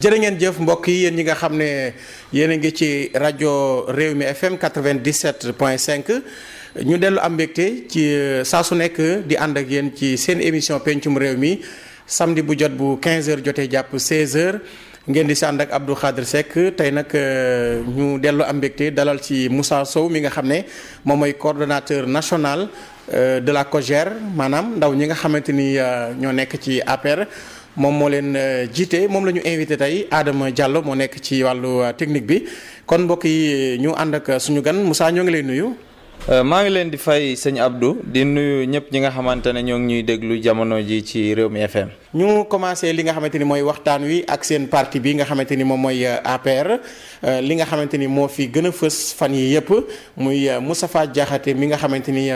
jërë ngeen jëf mbokk yi yéen ñi nga xam ne yéen a ngi ci rajo réew mi FM 97 point 5 ñu dellu am mbégte ci euh, saa su nekk di ànd ak yéen ci seen émission pencum réew mi samdi bu jot bu 15h jotee jàpp 16h ngeen di si ànd ak Abdou Khadre Seck tey nag euh, ñu dellu am mbégte dalal ci Moussa Sow mi nga xam ne moom mooy coordonnateur national euh, de la COJER maanaam ndaw ñi nga xamante ni ñoo nekk ci APR. moom moo leen euh, jiite moom la ñu invité tey Adama Diallo moo nekk ci wàllu euh, technique bi kon mbokk yi ñu ànd ak euh, suñu gan Moussa ñoo ngi lay nuyu. maa ngi leen di fay sëñ Abdou di nuyu ñëpp ñi nga xamante ne ñoo ngi ñuy déglu jamono ji ci réew mi FM. ñu commencé li nga xamante ni mooy waxtaan wi ak seen parti bi nga xamante ni moom mooy APR li nga xamante ni moo fi gën a fës fan yii yëpp muy Moustapha Diakhaté mi nga xamante ni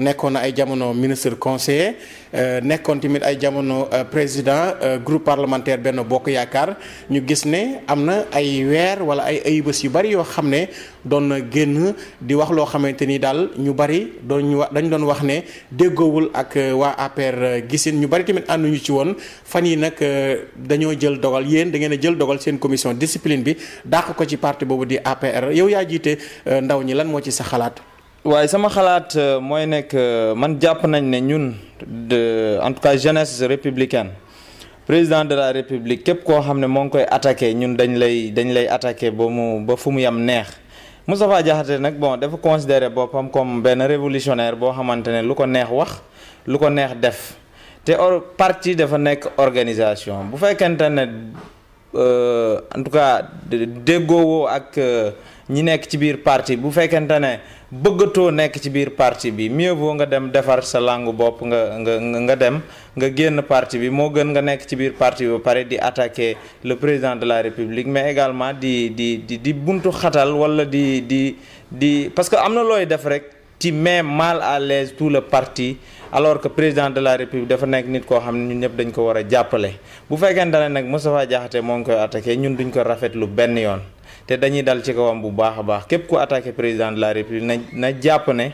nekkoon na ay jamono ministre conseiller. Euh, nekkoon tamit ay jamono euh, président euh, groupe parlementaire benn bokk yaakaar ñu gis ne am na ay weer wala ay ayubés yu bari yoo xam ne doon na génn di wax loo xamante ni daal ñu bari doon ñu wax dañ doon wax ne déggowul ak waa APR gisin ñu bari tamit ànduñu ci woon fan yi nag dañoo jël dogal yéen da ngeen jël dogal seen commission discipline bi dàq ko ci parti boobu di APR yow yaa jiite ndaw ñi lan moo ci sa xalaat. waaye sama xalaat euh, mooy nekk euh, man jàpp nañ ne ñun de en tout cas jeunesse républicain président de la république képp koo xam ne moo ngi koy attaqué ñun dañ lay dañ lay attaqué ba mu ba fu mu yam neex Moustapha jaxate nag bon dafa considéré boppam comme benn révolutionnaire boo xamante ne lu ko neex wax lu ko neex def te or parti dafa nekk organisation bu fekkente ne euh, en tout cas déggoowoo ak ñi nekk ci biir parti bu fekkente ne bëggatoo nekk ci biir parti bi mieux nga dem defar sa langue bopp nga nga nga dem nga génn parti bi moo gën nga nekk ci biir parti bi ba pare di attaquer le président de la république mais également di di di di buntu xatal wala di di di parce que am na looy def rek ci mais mal à l'aise tout le parti alors que président de la république dafa nekk nit koo xam ne ñun ñëpp dañ ko war a jàppale bu fekkente ne nag Moustapha Diakhaté moo ngi koy attaqué ñun duñ ko rafetlu benn yoon te dañuy dal ci kawam bu baax a baax képp ku attaqué président de la république na na jàpp ne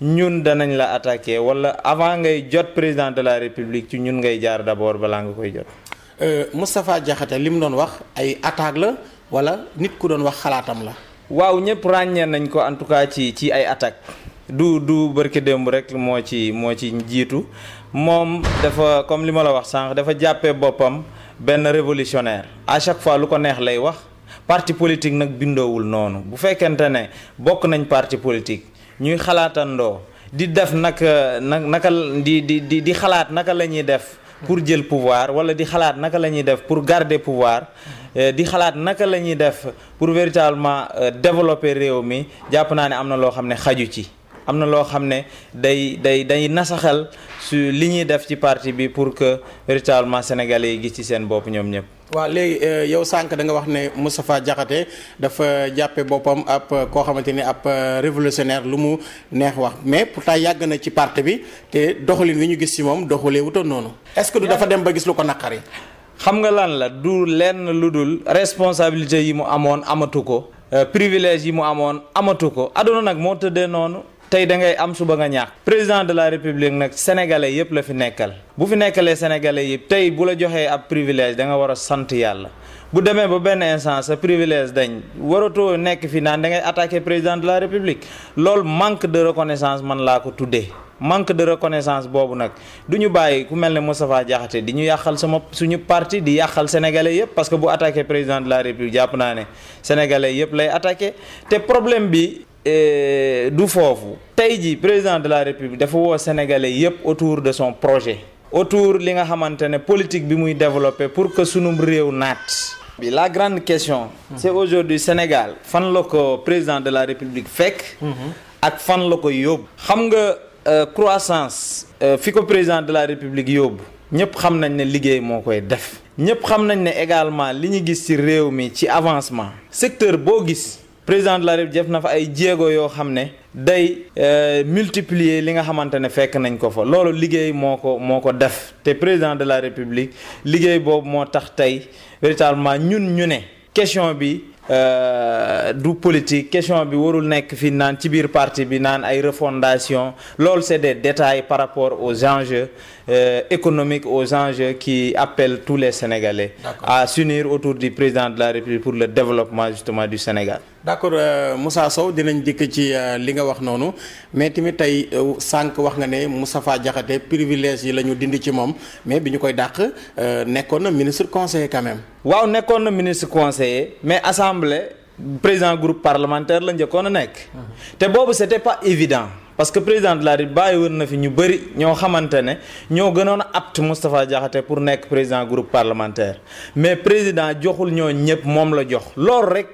ñun danañ la attaqué wala avant ngay jot président de la république ci ñun ngay jaar d'abord balaa nga koy jot. Euh, Moustapha Diakhaté li mu doon wax ay attaque la wala nit ku doon wax xalaatam la. waaw ñëpp ràññee nañ ko en tout cas ci ci ay attaque du du bërki démb rek moo ci moo ci jiitu moom dafa comme li ma la wax sànq dafa jàppee boppam benn révolutionnaire à chaque fois lu ko neex lay wax. parti politique nag bindoowul noonu bu fekkente ne bokk nañ parti politique ñuy xalaatandoo di def naka nag naka di di di di xalaat naka la ñuy def pour jël pouvoir wala di xalaat naka la ñuy def pour garder pouvoir eh, di xalaat naka la def pour véritablement eh, développer réew mi jàpp naa ne am na loo xam ne xaju ci am na loo xam ne day day day nasaxal su li ñuy def ci parti bi pour que véritablement sénégalais yi gis ci seen bopp ñoom ñëpp waa léegi euh, yow sànq da nga wax ne Moustapha Diakhaté dafa jàppe boppam ab euh, koo xamante ni ab euh, révolutionnaire lu mu neex wax mais pourtant yàgg na ci parti bi te doxalin wi ñu gis ci moom doxalee wutoon noonu. est-ce que du dafa dem ba gis lu ko naqari. xam nga lan la du lenn lu dul responsabilité yi mu amoon amatu ko privilège yi mu amoon amatu ko aduna nag moo tëddee noonu. tey da ngay am suba nga ñàkk président de la république nag sénégalais yëpp la fi nekkal bu fi nekkalee sénégalais yëpp tey bu la joxee ab privilège da nga war a sant yàlla bu demee ba benn instant sa privilège dañ waratoo nekk fi naan da ngay attaquer président la république loolu manque de reconnaissance man laa ko tuddee manque de reconnaissance boobu nag du ñu bàyyi ku mel ne Moustapha Diakhaté di ñu yàqal sama suñu parti di yàqal sénégalais yëpp parce que bu attaquer président de la jàpp naa ne sénégalais lay attaquer te problème bi du foofu tey ji président de la république dafa woo sénégalais yëpp autour de son projet autour li nga xamante ne politique bi muy développé pour que sunum réew naat bi la grande question mhm. c'est aujourd'hui Sénégal fan la ko président de la république fekk mhm. ak fan la ko yóbbu xam nga euh, croissance euh, fi ko président de la république yóbbu ñëpp xam nañ ne liggéey moo koy def ñëpp xam nañ ne également li ñu gis ci réew mi ci avancement secteur boo gis président de la République def na fa ay jéego yoo xam ne day euh, multiplier li nga xamante ne fekk nañ ko fa loolu liggéey moo ko moo ko def te président de la République liggéey boobu moo tax tey véritablement ñun ñu ne question bi euh, du politique question bi warul nekk fi naan ci biir parti bi naan ay refondation loolu c'est des détails par rapport aux enjeux euh, économiques aux enjeux qui appellent tous les Sénégalais à s'unir autour du président de la République pour le développement justement Sénégal d'accord euh, Moussa Sow dinañ dikk ci euh, li nga wax noonu mais tamit tey euh, sànq wax nga ne Moustapha Diakhaté privilège yi la ñu dindi ci moom mais bi ñu koy dàq nekkoon na ministre conseiller quand même. waaw nekkoon na ministre conseiller mais assemblée président groupe parlementaire la njëkkoon a nekk. te boobu c'était pas évident. parce que président de la bàyyi woon na fi ñu bëri ñoo xamante ne ñoo gënoon a apte Moustapha Diakhaté pour nekk président groupe parlementaire mais président joxul ñoo ñëpp moom la jox loolu rek.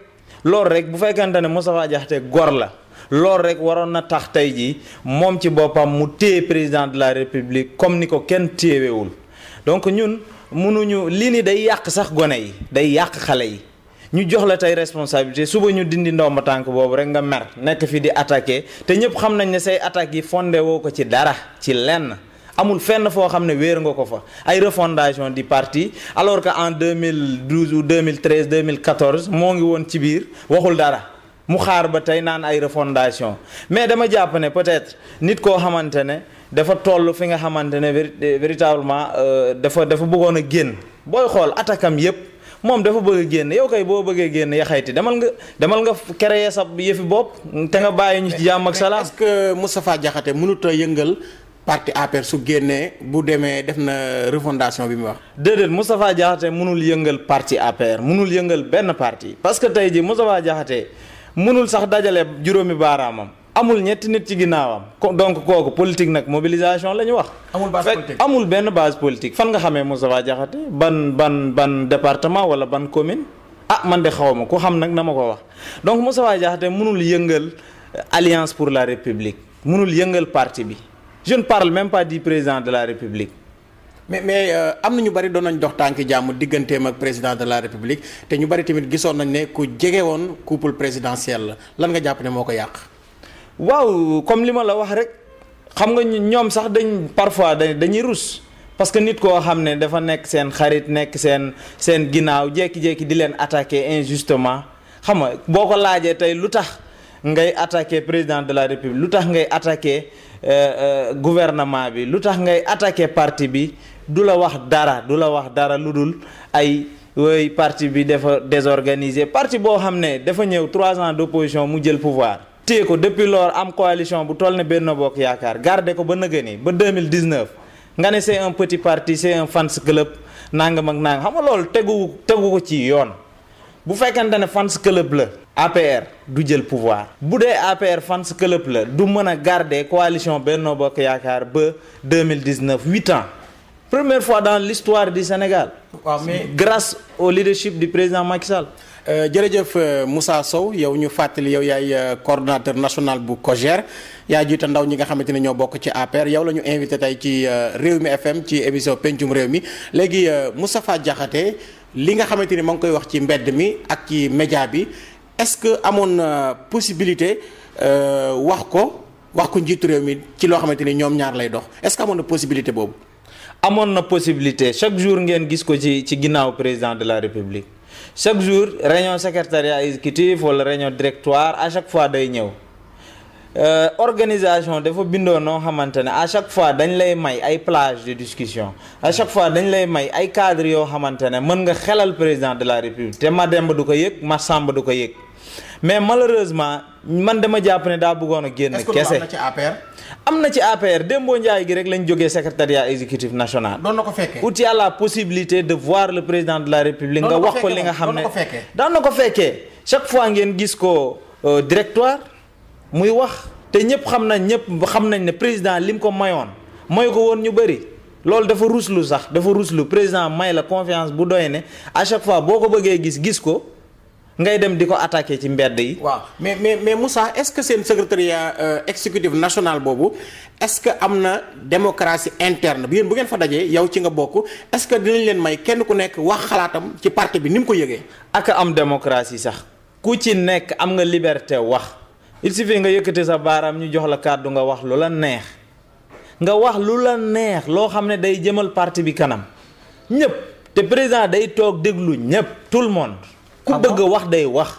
loolu rek bu fekkente ne Moustapha Diakhaté gor la loolu rek waroon na tax tey jii moom ci boppam mu téye président de la république comme ni ko kenn téewewul donc ñun mënuñu li ni day yàq sax gone yi day yàq xale yi ñu jox la tey responsabilité suba ñu dindi ndomba tànk boobu rek nga mer nekk fi di attaqué te ñëpp xam nañ ne say attaques yi fonde woo ko ci dara ci lenn amul fenn foo xam ne wéer nga ko fa ay refondation du partie alors que en deux 2012 ou 2013 2014 moo ngi woon ci biir waxul dara mu xaar ba tey naan ay refondation mais dama jàpp ne peut-être nit koo xamante ne dafa toll fi nga xamante ne eh, véritablement euh, dafa dafa bëggoon a génn booy xool attaquam yépp moom dafa bëgg a génn yow kay boo bëggee génn yaxayti demal nga demal nga créer sa yëfi bopp te nga bàyyi ñu ci jàmm ak salaam. est-ce que yëngal. parti APR e su génnee bu demee def na refondation bi mu wax. déedéet Moustapha Diakhaté mënul yëngal parti APR e munul yëngal benn parti parce que tey jii Moustapha Diakhaté mënul sax dajale juróomi baaraamam amul ñetti nit ci ginnaawam donc kooku politique nag mobilisation la ñu wax. amul base amul benn base politique fan nga xamee Moustapha Diakhaté ban ban ban département wala ban commune ah man de xaw ma ku xam nag na ma ko wax donc Moustapha Diakhaté mënul yëngal euh, alliance pour la république mënul yëngal parti bi. jeune ne parle même pas du président de la république. mais mais euh, am na ñu bari doon nañ dox tànk jàmm digganteem ak président de la république te ñu bari tamit gisoon nañ ne ku jege woon couple présidentiel la lan nga jàpp ne moo ko yàq. waaw comme li ma la wax rek xam nga ñoom sax dañ parfois dañuy rus parce que nit koo xam ne dafa nekk seen xarit nekk seen seen ginnaaw jékki-jékki di leen attaquer injustement xam nga boo ko laajee tey lu tax ngay attaquer président de la république lu tax ngay attaquer. Eh, eh, gouvernement bi lu tax ngay attaquer parti bi du la wax dara du la wax dara lu dul ay wooy parti bi dafa désorganisé parti boo xam ne dafa ñëw trois ans d'opposition mu jël pouvoir téye ko depuis lors am coalition bu toll ne benn Bokk Yaakaar garder ko ba nëgëni ba 2019 nga ne c'est un petit parti c'est un fans club nangam ak nangam xam nga loolu tegu tegu ko ci yoon bu fekkante ne fans club la APR du jël pouvoir bu dee APR fans club la du mën a garder coalition Benno Bokk Yaakaar ba 2019 huit ans première fois dans l'histoire du Sénégal waaw mais grâce au leadership du président Macky Sall euh, jërëjëf euh, Moussa Sow yow ñu fàttali yow yaay euh, coordonnateur national bu COJER yaa jiita ndaw ñi nga xamante ne ñoo bokk ci APR yow lañu invité tey ci réew mi FM ci émission pencum réew mi léegi Moustapha Diakhaté li nga xamante ni ma ngi koy wax ci mbedd mi ak ci média bi est-ce que amoon na possibilité euh, wax ko wax ko njiitu réew mi ci loo xamante ni ñoom ñaar lay dox est-ce que amoon na possibilité boobu. amoon na possibilité chaque jour ngeen gis ko ci ci ginnaaw président de la république chaque jour réunion secrétariat exécutif wala réunion directoire à chaque fois day ñëw. Euh, organisation dafa bindoo noo xamante ne à chaque fois dañ lay may ay plage de discussion à chaque fois dañ lay may ay cadre yoo xamante ne mën nga xelal président de la république te Mademba du ko yëg Massamba du ko yëg mais malheureusement man dama jàpp ne daa bëggoon a génn kese am na ci APR am na ci APR Dembo Ndiaye gi rek lañ jógee secrétariat exécutif national doon na ko fekkee outil à la possibilité de voir le président de la république nga wax ko li nga xam ne daan na ko fekkee chaque fois ngeen gis ko euh, directoire muy wax te ñëpp xam nañ ñëpp xam nañ ne président li mu ko mayoon mooy ko woon ñu bëri loolu dafa ruslu sax dafa ruslu président may la confiance bu doy ne à chaque fois boo ko bëggee gis gis ko ngay dem di ko attaqué ci mbedd yi. waaw mais mais mais Moussa est-ce que seen secrétariat euh, exécutif national boobu est-ce que am na démocratie interne bi yéen bu ngeen fa dajee yow ci nga bokk est-ce que dinañ leen may kenn ku nekk wax xalaatam ci parti bi ni mu ko yëgee. ak am démocratie sax ku ci nekk am nga liberté wax. il suffit nga yëkkati sa baaraam ñu jox la kàddu nga wax lu la neex nga wax lu la neex loo xam ne day jëmal parti bi kanam ñëpp te président day toog déglu ñëpp tout le monde. ku ah bëgg wax day wax.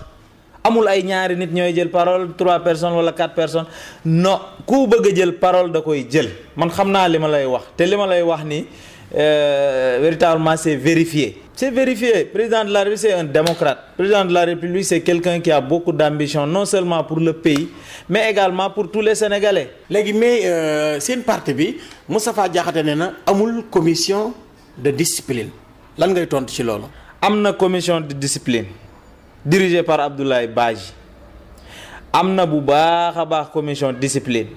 amul ay ñaari nit ñooy jël parole trois personnes wala quatre personnes non ku bëgg a jël parole da koy jël man xam naa li ma lay wax te li ma lay wax ni euh, véritablement c'est vérifié. C'est vérifié. Président de la République, c'est un démocrate. Président de la République, c'est quelqu'un qui a beaucoup d'ambition, non seulement pour le pays, mais également pour tous les Sénégalais. léegi mais euh, seen parti bi mustapha Diakhaté ne na amul commission de discipline lan ngay tontu ci loolu. am na commission de discipline dirigée par Abdoulaye Badji am na bu baax baax commission de discipline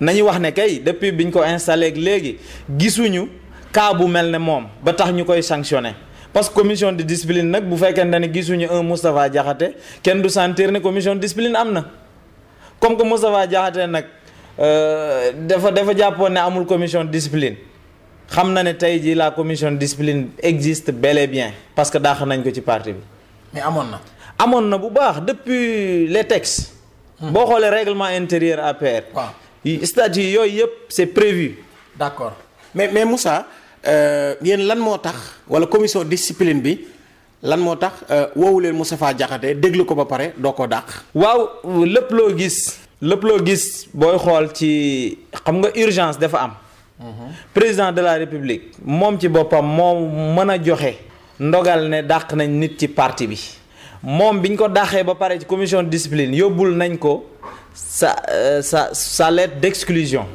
nañu wax ne kay depuis biñ ko installé léegi gisuñu cas bu mel ne moom ba tax ñu koy sanctionné. parce que commission de discipline nag bu fekkente ne gisuñu en Moustapha Diakhaté kenn du sentir ne commission de discipline am na comme que Moustapha Diakhaté nag euh, dafa dafa jàppoon ne amul commission de discipline xam na ne tey jii la commission de discipline existe bel bien parce que dàq nañ ko ci parti bi. mais amoon na. amoon na bu baax depuis les textes. Hmm. boo xoolee réglement intérieur APR. waaw statut yooyu yëpp c'est prévu. d'accord mais mais Moussa. Euh, yéen lan moo tax wala commission discipline bi lan moo tax euh, woowu leen Moustapha Diakhaté déglu ko ba pare doo ko dàq. waaw lépp loo gis. lépp loo gis booy xool ci xam nga urgence dafa am. Mhm. président de la république moom ci boppam moom mën a joxe. ndogal ne dàq nañ nit ci parti bi moom biñ ko dàqee ba pare ci commission discipline yóbbul nañ ko sa euh, sa sa lettre d'exclusion.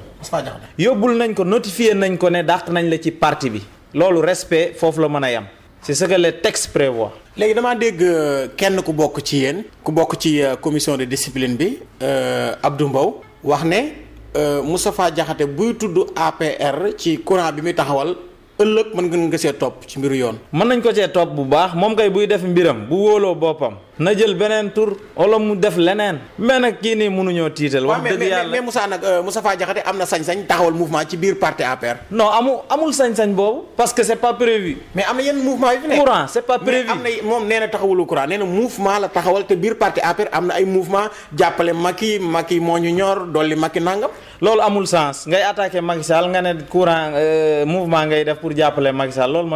yóbbul nañ ko notifié nañ ko ne dàq nañ la ci parti bi loolu respect foofu la mën a yem c'est ce que prévoit. léegi damaa dégg euh, kenn ku bokk ci yéen ku bokk ci euh, commission di discipline bi euh, Abdou Mbow wax ne Moustapha Diakhaté buy tudd APR ci courant bi muy taxawal ëllëg mën nga nga see topp ci mbiru yoon. mën nañ ko see topp bu baax moom kay buy def mbiram bu wóoloo boppam. na jël beneen tur wala mu def leneen mais nag kii nii mënuñoo tiital wax dëgg yàlla mais Moussa nag euh, Moustapha Diakhaté am na sañ-sañ taxawal mouvement ci biir parti APR non amu amul sañ-sañ boobu parce que c'est pas prévu mais am na yenn mouvement yu fi nekk courant c'est pas prévu am na moom nee na taxawulu courant nee na mouvement la taxawal te biir parti APR am na ay mouvement jàppale Macky Macky moo ñu ñor dolli Macky nangam loolu amul sens ngay attaqué Macky Sall nga ne courant euh, mouvement ngay def pour jàppale Macky Sall lan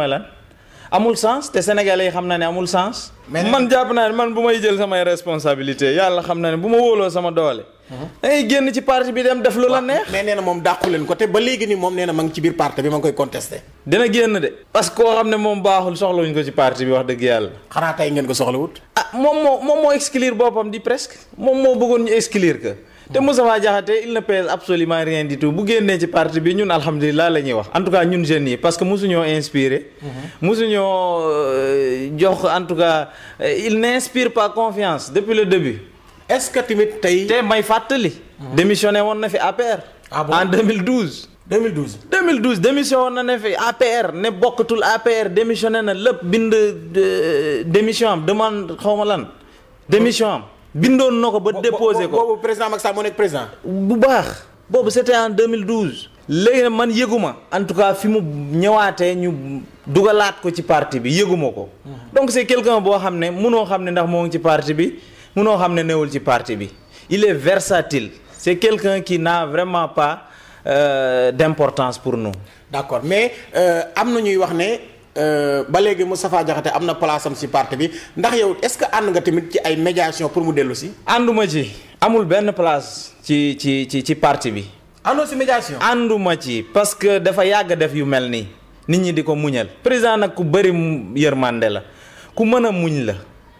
amul sens te sénégalais yi xam na ne amul sens. man jàpp naa ne man bu may jël samay responsabilité yàlla xam na ne bu ma wóoloo sama doole. Mhm. da génn ci parti bi dem def lu la neex. mais nee moom dàqu leen ko te ba léegi nii moom nee na ma ngi ci biir parti bi ma koy contesté. dina génn de. parce que koo xam ne moom baaxul soxlawuñ ko ci parti bi wax dëgg yàlla. xanaa tey ngeen ko soxlawut. ah moom moo moom moo exclure boppam di presque moom moo bëggoon ñu exclure que. te Moustapha Diakhaté il ne pèse absolument rien du tout bu génnee ci parti bi ñun alhamdulilah la ñuy wax en tout cas ñun jeunes yi parce que mosuñoo inspiré. Mhm. mosuñoo euh, jox en tout cas euh, il n'inspire pas confiance depuis le début. est-ce que tamit tey. te may fàttali. Mhm. démissionné woon na fi APR. ah bon en 2012. 2012 2012 démission na ne fi APR ne bokkatul APR démissionné na lépp bind euh, démission am demande xaw ma lan démission am. bindoon na ko ba déposé ko boobu président Macky Sall moo nekk président. bu baax boobu c'était en 2012. léegi nag man yëguma en tout cas fi mu ñëwaatee ñu dugalaat ko ci parti bi yëguma ko. Mm-hmm. donc c'est quelqu'un boo xam ne munoo xam ne ndax moo ngi ci parti bi munoo xam ne newul ci parti bi il est versatile c'est quelqu'un qui n'a vraiment pas euh, d'importance pour nous. d'accord mais euh, am na ñuy wax ne. Euh, ba léegi Moustapha Diakhaté am na place si parti bi ndax yow est-ce que ànd nga tamit ci ay médiation pour mu dellu si. ànduma ci amul benn place ci ci ci ci parti bi. àndoo si médiation. ànduma ci parce que dafa yàgg def yu mel nii nit ñi di ko muñal président nag ku bëri yërmande la ku mën a muñ la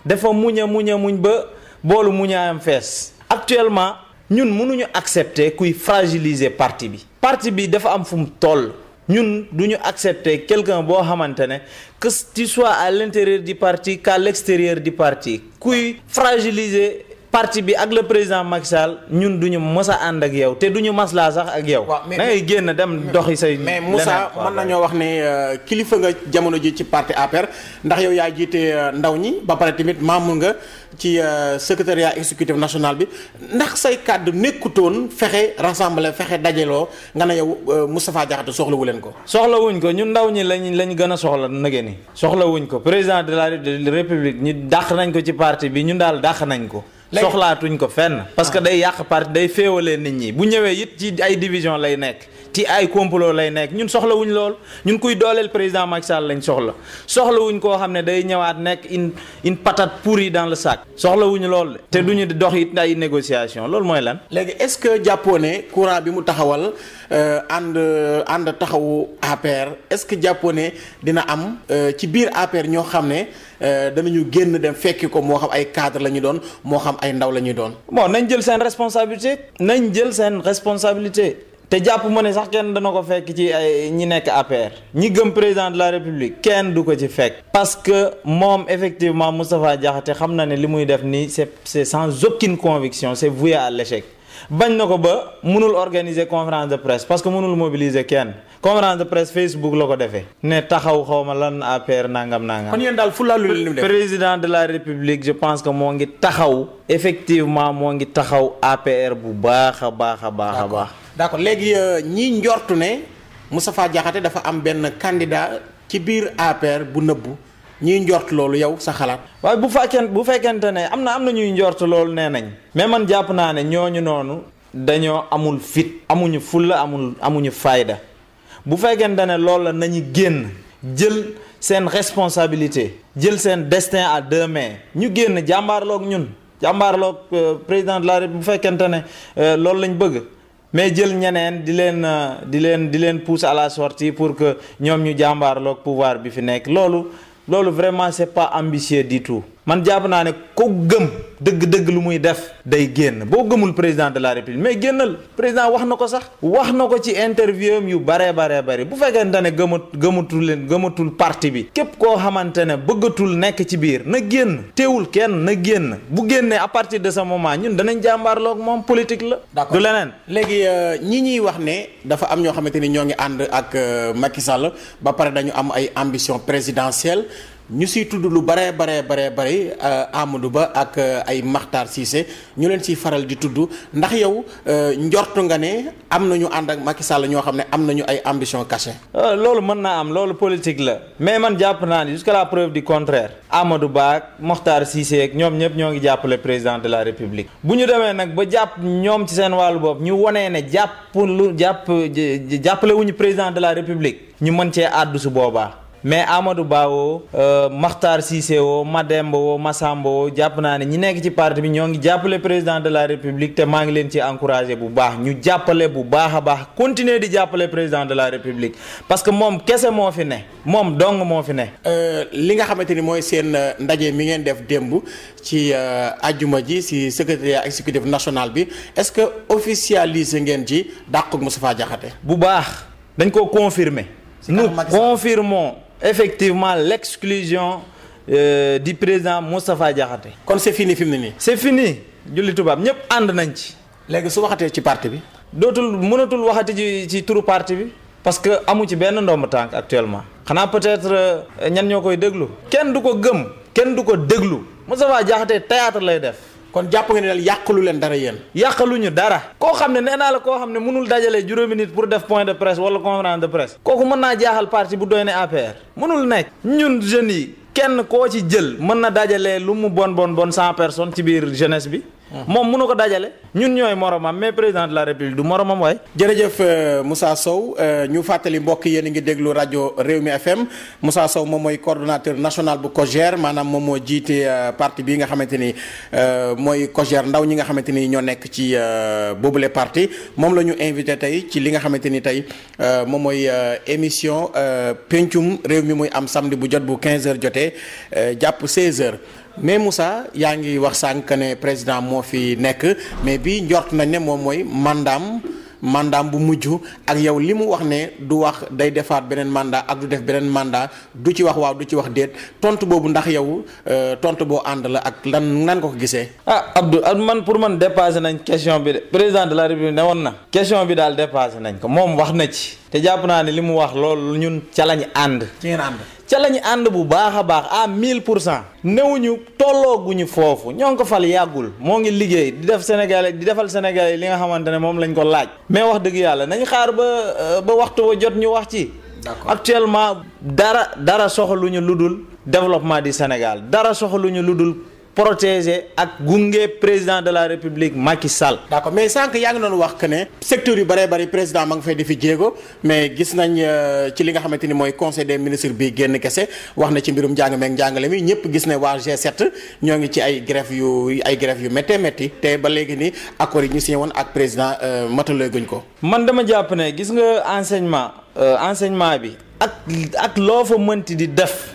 dafa muñ a muñ a muñ ba boolu muñaayam fees actuellement ñun mënuñu accepter kuy fragiliser parti bi. parti bi dafa am fu mu toll. ñun du ñu accepter quelqu'un boo xamante ne que ti soit à l'intérieur du parti qu'à l'extérieur du parti kuy fragiliser partie bi ak le président Macky Sall ñun duñu mës a ànd ak yow te duñu maslaa sax ak yow. waaw mais da ngay génn dem doxi say. mais Moussa mën nañoo wax ne euh, kilifa nga jamono ji ci parti APR ndax yow yaa jiite euh, ndaw ñi ba pare tamit membre nga ci euh, secrétariat exécutif national bi ndax say kàddu nekkutoon fexe rassembler fexe dajaloo nga ne yow Moustapha Diakhaté soxlawu leen ko. soxlawuñ ko ñun ndaw ñi lañ lañ gën a soxla nëgë ni soxlawuñ ko président de la république ñi nañ ko ci parti bi ñun daal dàq nañ ko. soxlaatuñ ko fenn. parce que ah. day yàq parti day féewalee nit ñi bu ñëwee it ci ay division lay nekk. ci ay complot lay nekk ñun soxla wuñ lool ñun kuy dooleel président Macky Sall soxla soxla koo xam ne day ñëwaat nekk une une patate pourrie dans le sac soxla lool te duñu dox it ay négociation loolu mooy lan léegi est-ce que jàppoo ne courant bi mu taxawal euh, ànd ànd taxawu APR est-ce que jàppoo ne dina am euh, ci biir APR ñoo xam ne euh, danañu génn dem fekki ko moo xam ay cadre la ñu doon moo xam ay ndaw la ñu doon bon nañ jël seen responsabilité te jàpp ma ne sax kenn dana ko fekk ci ay ñi nekk APR ñi gëm président de la république kenn du ko ci fekk. parce que moom effectivement Moustapha Diakhaté xam na ne li muy def nii c'est c'est sans aucune conviction c'est voué à l'échec bañ na ko ba mënul organiser conférence de presse parce que mënul mobiliser kenn conférence de presse Facebook la ko defee. ne taxaw xaw ma lan APR nangam nangam. kon yéen daal fulaalu leen li mu président de la république je pense que moo ngi taxaw effectivement moo ngi taxaw APR bu baax a baax a baax a baax. d'accord léegi euh, ñi njort ne Moustapha Diakhaté dafa am benn candidat ci biir APR bu nëbbu ñiy njort loolu yow sa xalaat. waaye bu fekkee bu fekkente ne am na am na ñuy njort loolu nee nañ. mais man jàpp naa ne ñooñu noonu dañoo amul fit amuñu fulla amul amuñu fayda bu fekkente ne loolu la nañu génn jël seen responsabilité jël seen destin à deux mains ñu génn jàmbaarloog ñun jàmbaarloog euh, président de la bu fekkente ne euh, loolu lañ bëgg. mais jël ñeneen di leen euh, di leen di leen pousse à la sortie pour que ñoom ñu jàmbaarloog pouvoir bi fi nekk loolu loolu vraiment c'est pas ambitieux du tout man jàpp naa ne ko gëm dëgg-dëgg lu muy def day génn boo gëmul président de la république mais génnal président wax na ko sax wax na ko ci interview am yu baree baree bari bu fekkente ne gëmat gëmatul leen gëmatul parti bi képp koo xamante ne bëggatul nekk ci biir na génn teewul kenn na génn bu génnee à partir de ce moment ñun danañ jàmbaarloo moom politique la. d'accord du leneen. léegi euh, ñi ñuy wax ne dafa am ñoo xamante ni ñoo ngi ànd ak euh, Macky Sall ba pare dañu am ay ambition présidentielle. ñu siy tudd lu baree baree baree euh, bari Amadou Ba ak euh, ay Makhtar Cissé ñu leen siy faral di tudd ndax yow euh, njortu nga ne am na ñu ànd ak Macky Sall ñoo xam ne am nañu ay ambition cachée. loolu mën naa am loolu politique la mais man jàpp naa ni jusqu'à la preuve du contraire Amadou Ba ak Makhtar Cissé ak ñoom ñëpp ñoo ngi jàppale président de la République bu ñu demee nag ba jàpp ñoom ci seen wàllu boobu ñu wonee ne jàpp lu jàpp jàppale wuñu président de la République ñu mën cee àddu su boobaa. mais Amadou Ba woo euh, Makhtar Cissé woo Mademba woo Massamba woo jàpp naa ne ñi nekk ci parti bi ñoo ngi jàppale président de la république te maa ngi leen ci encourager bu baax ñu jàppale bu baax a baax continuer di jàppale président de la république parce que moom kese moo fi ne moom dong moo fi ne. Euh, li nga xamante ni mooy seen euh, ndaje mi ngeen def démb ci ajjuma ji si secrétariat exécutif national bi est-ce que officialisé ngeen ci dàq Moustapha Diakhaté bu baax dañ ko confirmer effectivement l'exclusion euh, du président Moustapha Diakhaté. kon c'est fini fi mu ne nii. c'est fini julli tubaab ñëpp ànd nañ ci. léegi su waxatee ci parti bi. dootul mënatul waxati ci ci turu parti bi. parce que amu ci benn ndomb tànk actuellement. xanaa peut-être euh, ñan ñoo koy déglu. kenn du ko gëm. kenn du ko déglu. Moustapha Diakhaté théâtre lay def. kon jàpp nga ne daal yàqalu leen dara yéen. ñu dara. koo xam ne nee la koo xam ne mënul dajale juróomi nit pour def point de presse wala conférence de presse. kooku mën naa jaaxal parti bu doy ne APR. mënul nekk ñun jeunes yi kenn koo ci jël mën na dajale lu mu bon bon bon cent personne ci biir jeunesse bi. moom a ko dajale ñun ñooy moromam mais président de la république du moromam waaye. jërëjëf euh, Moussa Sow euh, ñu fàttali mbokk yéen a ngi déglu rajo réew mi FM Moussa Sow moom mooy coordonnateur national bu COJER maanaam moom moo jiite euh, parti bi nga xamante ni mooy COJER ndaw ñi nga xamante ni ñoo nekk ci boobule parti moom la ñu invité tey ci li nga xamante ni tey moom mooy émission pencum réew mi muy am samedi bu jot bu 15h jotee jàpp 16h. mais Moussa yaa ngi wax sànq ne président moo fi nekk mais bi njort nañ ne moom mooy mandaam mandaam bu mujj ak yow li mu wax ne du wax day defaat beneen mandat ak du def beneen mandat du ci wax waaw du ci wax déet tontu boobu ndax yow euh, tontu boo ànd la ak lan nan ko ko gisee. ah Abdou a man pour man dépassé nañ question bi de président de la république ne woon na. question bi daal dépassé nañ ko moom wax na ci. te jàpp naa ne li mu wax loolu ñun ca lañ ànd. ca lañ ànd bu baax a baax à 1000 pour cent. newuñu tollooguñu foofu ñoo ngi ko fal yàggul moo ngi liggéey di def Sénégal di defal Sénégal yi li nga xamante ne moom lañ ko laaj. mais wax dëgg yàlla nañ xaar ba euh, ba waxtu ba jot ñu wax ci. actuellement dara dara soxaluñu lu dul développement du Sénégal dara soxaluñu lu dul. protéger ak gunge président de la république Macky Sall. d'accord mais sànq yaa ngi doon wax que ne secteur yu bëree bëri président ma nga fay defi jéego mais gis nañ euh, ci li nga xamante ni mooy conseil des ministre bi génn kese wax na ci mbirum njàng meeg njàngale mi ñëpp gis ne waa G7 ñoo ngi ci ay grève yu ay grève yu méttee métti te ba léegi ni accords yi ñu signé woon ak président euh, mataloo guñ ko. man dama jàpp ne gis nga enseignement euh, enseignement bi ak ak loo fa di def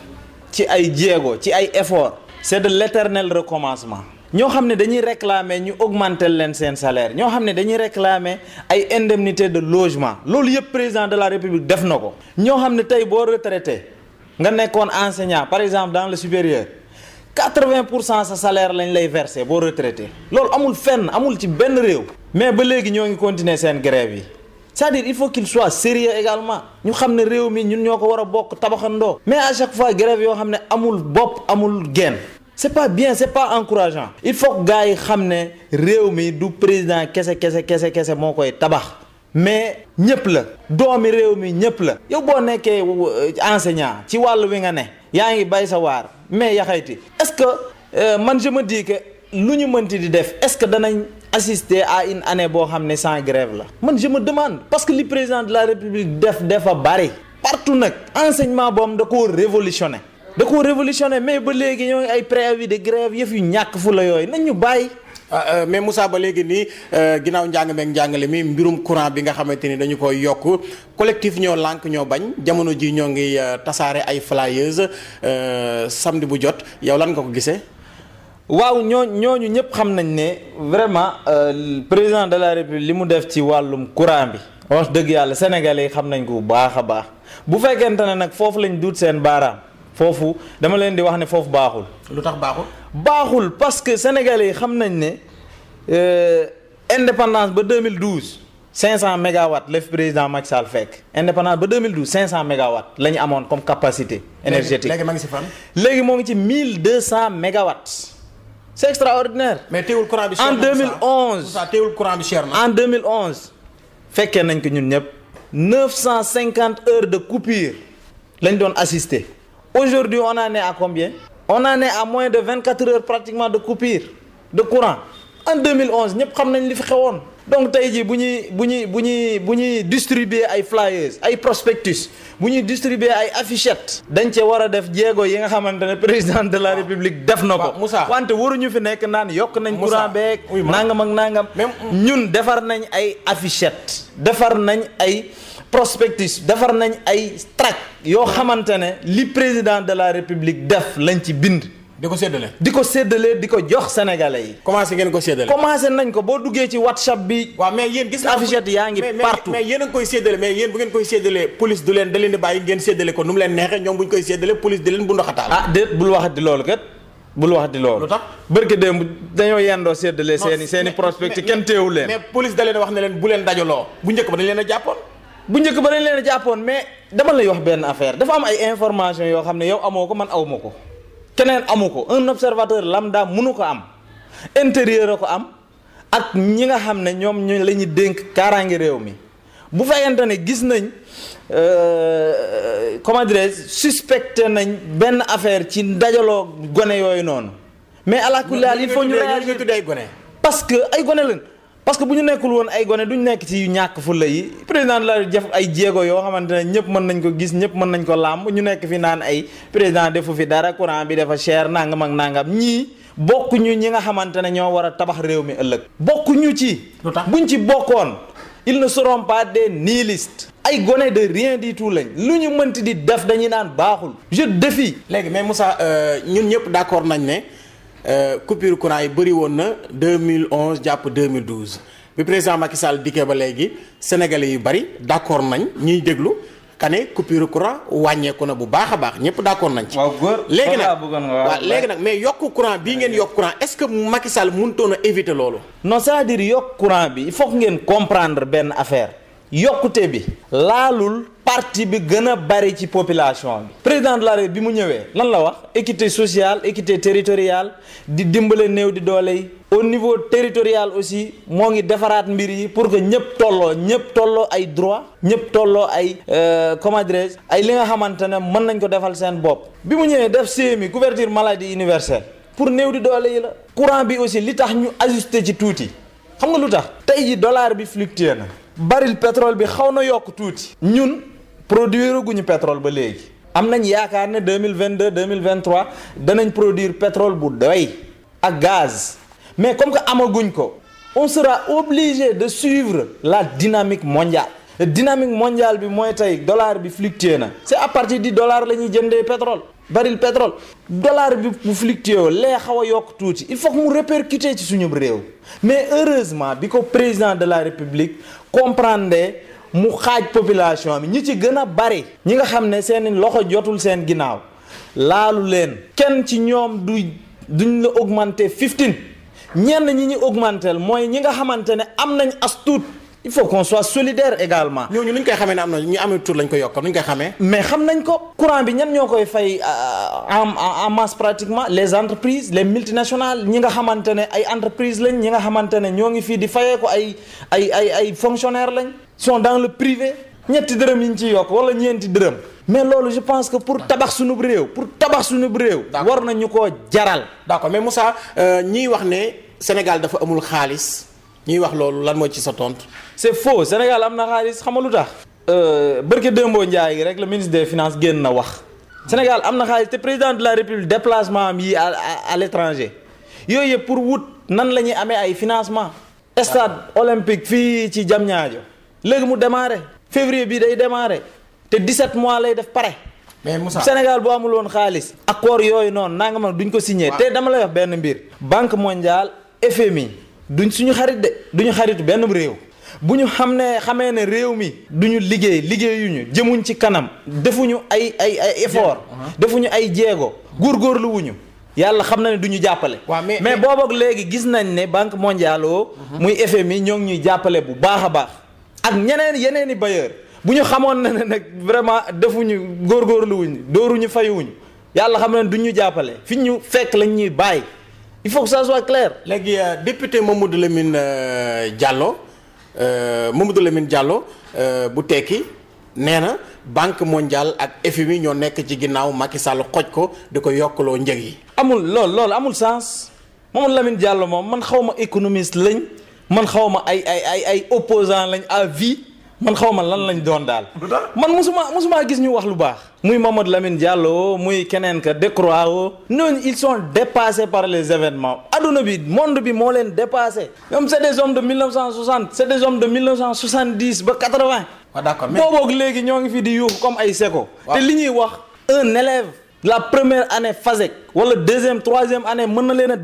ci ay jéego ci ay effort c'est de l'éternel recommencement ñoo xam ne dañuy réclamer ñu augmenter leen seen salaire ñoo xam ne dañuy réclamer ay indemnité de logement loolu yëpp président de la république def na ko ñoo xam ne tey boo retraité nga nekkoon enseignant par exemple dans le supérieur 80 pour cent sa salaire lañ lay versé boo retraité loolu amul fenn amul ci benn réew mais ba léegi ñoo ngi continuer seen grève yi c'est-à-dire il faut qu'il soit sérieux également ñu xam ne réew mi ñun ñoo ko war a bokk tabaxandoo mais à chaque fois grève yoo xam ne amul bopp amul genn c'est pas bien c'est pas encourageant il faut que gars yi xam ne réew mi du président kese kese kese kese moo koy tabax mais ñëpp la doomi réew mi ñëpp la yow boo nekkee euh, enseignant ci wàll wi nga ne yaa ngi bay sa waar mais yaxayti est-ce que euh, man je me dis que lu ñu mënti di def est-ce que danañ assister à une année boo xam ne sans grève la man je demande parce que li président de la république def dafa bari partout nag enseignement boobu da koo révolutionné da koo révolutionné mais ba léegi ñoo ngi ay préavis de grève yëf yu ñàkk fu la yooyu nañ ñu bàyyi. Ah, euh, mais mussa ba léegi nii euh, ginnaaw njàng meeg njàngale mii mbirum courant bi nga xamante ni dañu koy yokk collectif ñoo lànk ñoo bañ jamono ji ñoo ngi euh, tasaare ay flyers samedi bu jot yow lan nga ko gisee. waaw ñoo ñooñu ñëpp xam nañ ne vraiment euh, président de la république li mu def ci wàllum courant bi wax dëgg yàlla sénégalais yi xam nañ ko bu baax a baax bu fekkente ne nag foofu lañ duut seen baaraam foofu dama leen di wax ne foofu baaxul. lu tax baaxul. baaxul parce que sénégalais yi xam nañ ne euh, indépendance ba 2012 500 mégawatts la fi président Macky Sall fekk indépendance ba 2012 500 mégawatts la ñu amoon comme capacité. énergétique léegi ma ngi si fan. léegi moo ngi ci 1200 c'est extraordinaire. mais teewul courant bi cher en 2011 teewul courant bi cher na. en 2011 fekkee nañ ko ñun ñëpp 950 heures de coupure lañ doon assister aujourd'hui on en est à combien. on en est à moins de 24 heures pratiquement de coupure de courant. en 2011 ñëpp xam nañ li fi xewoon donc tey jii bu ñuy bu ñuy bu ñuy bu ñuy distribuer ay flyers ay prospectus bu ñuy distribuer ay affichettes dañ cee war a def jéego yi nga xamante ne président de la république def na ko. wante waruñu fi nekk naan yokk nañ. courant beeg nangam ak nangam. ñun defar nañ ay affichettes. defar nañ ay prospectus defar nañ ay tract yoo xamante ne li président de la république def lañ ci bind. di ko séddale. di ko séddale di ko jox sénégalais yi. commencé ngeen ko séddale. commencé nañ ko boo duggee ci whatsapp bi. waaw yaa ngi partout. mais yéen a ngi koy séddale mais yéen bu séddale police du leen da bàyyi ngeen séddale ko nu mu leen neexee ñoom bu ñu koy séddale police di leen bu ndoxataal. ah déet bul waxati loolu kat. bul wax di loolu. lu tax barke démb dañoo yendoo séddale. seeni seeni prospect ci kenn teewu leen. mais police da wax ne leen bu leen dajaloo. bu njëkk ba dañ leen a jàppoon. leen jàppoon mais dama lay benn affaire dafa am ay information yoo xam ne yow amoo ko man aw ma ko keneen amu ko un observateur lambda mënu ko am intérieur a ko am ak ñi nga xam ne ñoom ñu la ñuy dénk kaaraangi réew mi bu fekkente ne gis nañ euh, comment dirais suspecté nañ benn affaire ci dajaloo gone yooyu noonu mais alaakulli il faut ñu réagir tuddee ay gone parce que ay gone lañ parce que bu ñu nekkul woon ay gone duñ nekk ci ñàkk fulla yi président la def ay jéego yoo xamante ne ñëpp mën nañ ko gis ñëpp mën nañ ko làmb ñu nekk fi naan ay président defu fi dara courant bi dafa chair nangam ak nangam ñii bokkuñu ñi nga xamante ne ñoo war a tabax réew mi ëllëg bokk ñu ci buñ ci bokkoon ils ne seront de des nihilistes ay gone de rien di tout lañ lu ñu mënti di def dañuy naan baaxul je défie léegi mais Moussa euh, ñun ñëpp d'accord nañ ne Euh, coupure courant yi bëri woon na 2011 jàpp 2012 bi président Macky Sall dikkee ba léegi sénégalais yu bëri d' accord nañ ñuy déglu kane coupure courant wàññeeku na bu baax a baax ñëpp d' accord nañ ci. léegi nag waaw léegi nag mais yokk courant bii ngeen yokk courant est ce que Macky Sall mënutoon a éviter loolu. non c' est yokk courant bi il faut ngeen comprendre benn affaire. yokkute bi laalul parti bi gën a bari ci population bi président de la République bi mu ñëwee lan la wax équité sociale équité territoriale di dimbale néew di doole yi au niveau territorial aussi moo ngi defaraat mbir yi pour que ñëpp tolloo ñëpp tolloo ay droit ñëpp tolloo ay euh, comment dirais ay li nga xamante ne mën nañ ko defal seen bopp bi mu ñëwee def CMU couverture maladie universelle pour néew di doole yi la courant bi aussi li tax ñu ajusté ci tuuti xam nga lu tax tey ji dollar bi fluctué na baril pétrole bi xaw na yokk tuuti. ñun produire guñu pétrole ba léegi. am nañ yaakaar ne deux mille vingt deux deux mille vingt trois danañ produir pétrole bu doy ak gaz mais comme que amaguñ ko on sera obligé de suivre la dynamique mondiale. dynamique mondial bi mooy tey dollar bi fluctué na. c'est à partir du dollar la ñuy jëndee pétrole. bari pétrole dollar bi bu fluctué lee xaw a yokk tuuti il faut mu répercuter ci suñu réew mais heureusement bi ko président de la république comprendre mu xaaj population bi ñu ci gën a bari ñi nga xam ne seeni loxo jotul seen ginnaaw laalu leen kenn ci ñoom du duñ la augmenter 15 ñenn ñi ñu augmenter mooy ñi nga xamante ne am nañ as tuut il faut qu'on soit solidaire également. ñooñu nu ñu koy xamee ne am na ñu amee tur lañ koy yokkal nu ñu koy xamee. mais xam nañ ko courant bi ñan ñoo koy fay euh, en en masse pratiquement les entreprises les multinationales ñi nga xamante ne ay entreprises lañ ñi nga xamante ne ñoo ngi fii di fayee ko ay ay ay ay fonctionnaires lañ. sont dans le privé. ñetti dërëm yi ñu ciy yokk wala ñeenti dërëm. mais loolu je pense que pour tabax suñu réew pour tabax suñu réew. war nañu koo jaral. d'accord mais Moussa euh, ñiy wax ne Sénégal dafa amul xaalis. ñuy wax loolu lan moo ci sa tontu. c'est faux Sénégal am na xaalis xam nga lu tax. Euh, barke Dembo Ndiaye rek la ministre des finance génn na wax. Sénégal am na xaalis te président de la république déplacement am yi à l'étranger yooyu yëpp pour wut nan la ñuy amee ay financement stade olympique fii ci jam Diamniadio léegi mu démarré. février bi day démarré te 17 mois lay def pare. mais Moussa Sénégal bu amul woon xaalis. accord yooyu noonu naa nga mën duñ ko signee te dama lay wax benn mbir. banque mondiale FMI. duñ suñu xarit de duñu xaritu benn réew bu ñu xam ne xamee ne réew mi duñu liggéey liggéeyuñu jëmuñ ci kanam defuñu ay ay ay effort uh-huh. defuñu ay jéego góor wuñu yàlla xam na ne du ñu jàppale. mais boobook léegi gis nañ ne banque mondiale uh-huh. muy FMI ñoo ngi ñuy jàppale bu baax a baax. ak ñeneen yeneen i bailleurs bu ñu xamoon nag vraiment defuñu góorgóorlu wuñu dóoruñu fayuwuñu yàlla xam du ñu jàppale fi ñu fekk lañ ñuy bàyyi. il faut que ça soit clair. léegi euh, député Mamadou Lamine euh, Diallo euh, Mamadou Lamine Diallo bu tekki nee na banque mondiale ak FMI ñoo nekk ci ginnaaw Macky Sall xoj ko di ko yokkaloo njëg yi. amul loolu loolu amul sens Mamadou Lamine Diallo moom man xaw ma économiste lañ man xaw ma ay ay ay ay opposant lañ à vie. man xaw ma lan lañ doon daal. man musuma musuma gis ñu wax lu baax. muy Mamadou Lamine Diallo muy keneen ka Decroix woo. ñooñu ils sont dépassés par les événements adduna bi monde bi moo leen dépassé. ñoom c' est des hommes de 1960 c' est des hommes de 1970 ba 80. waaw d' accord mais booboog léegi ñoo ngi fi di yuuxu comme ay seko. te li ñuy wax un élève. la première année FASEC wala deuxième troisième année mën na leen a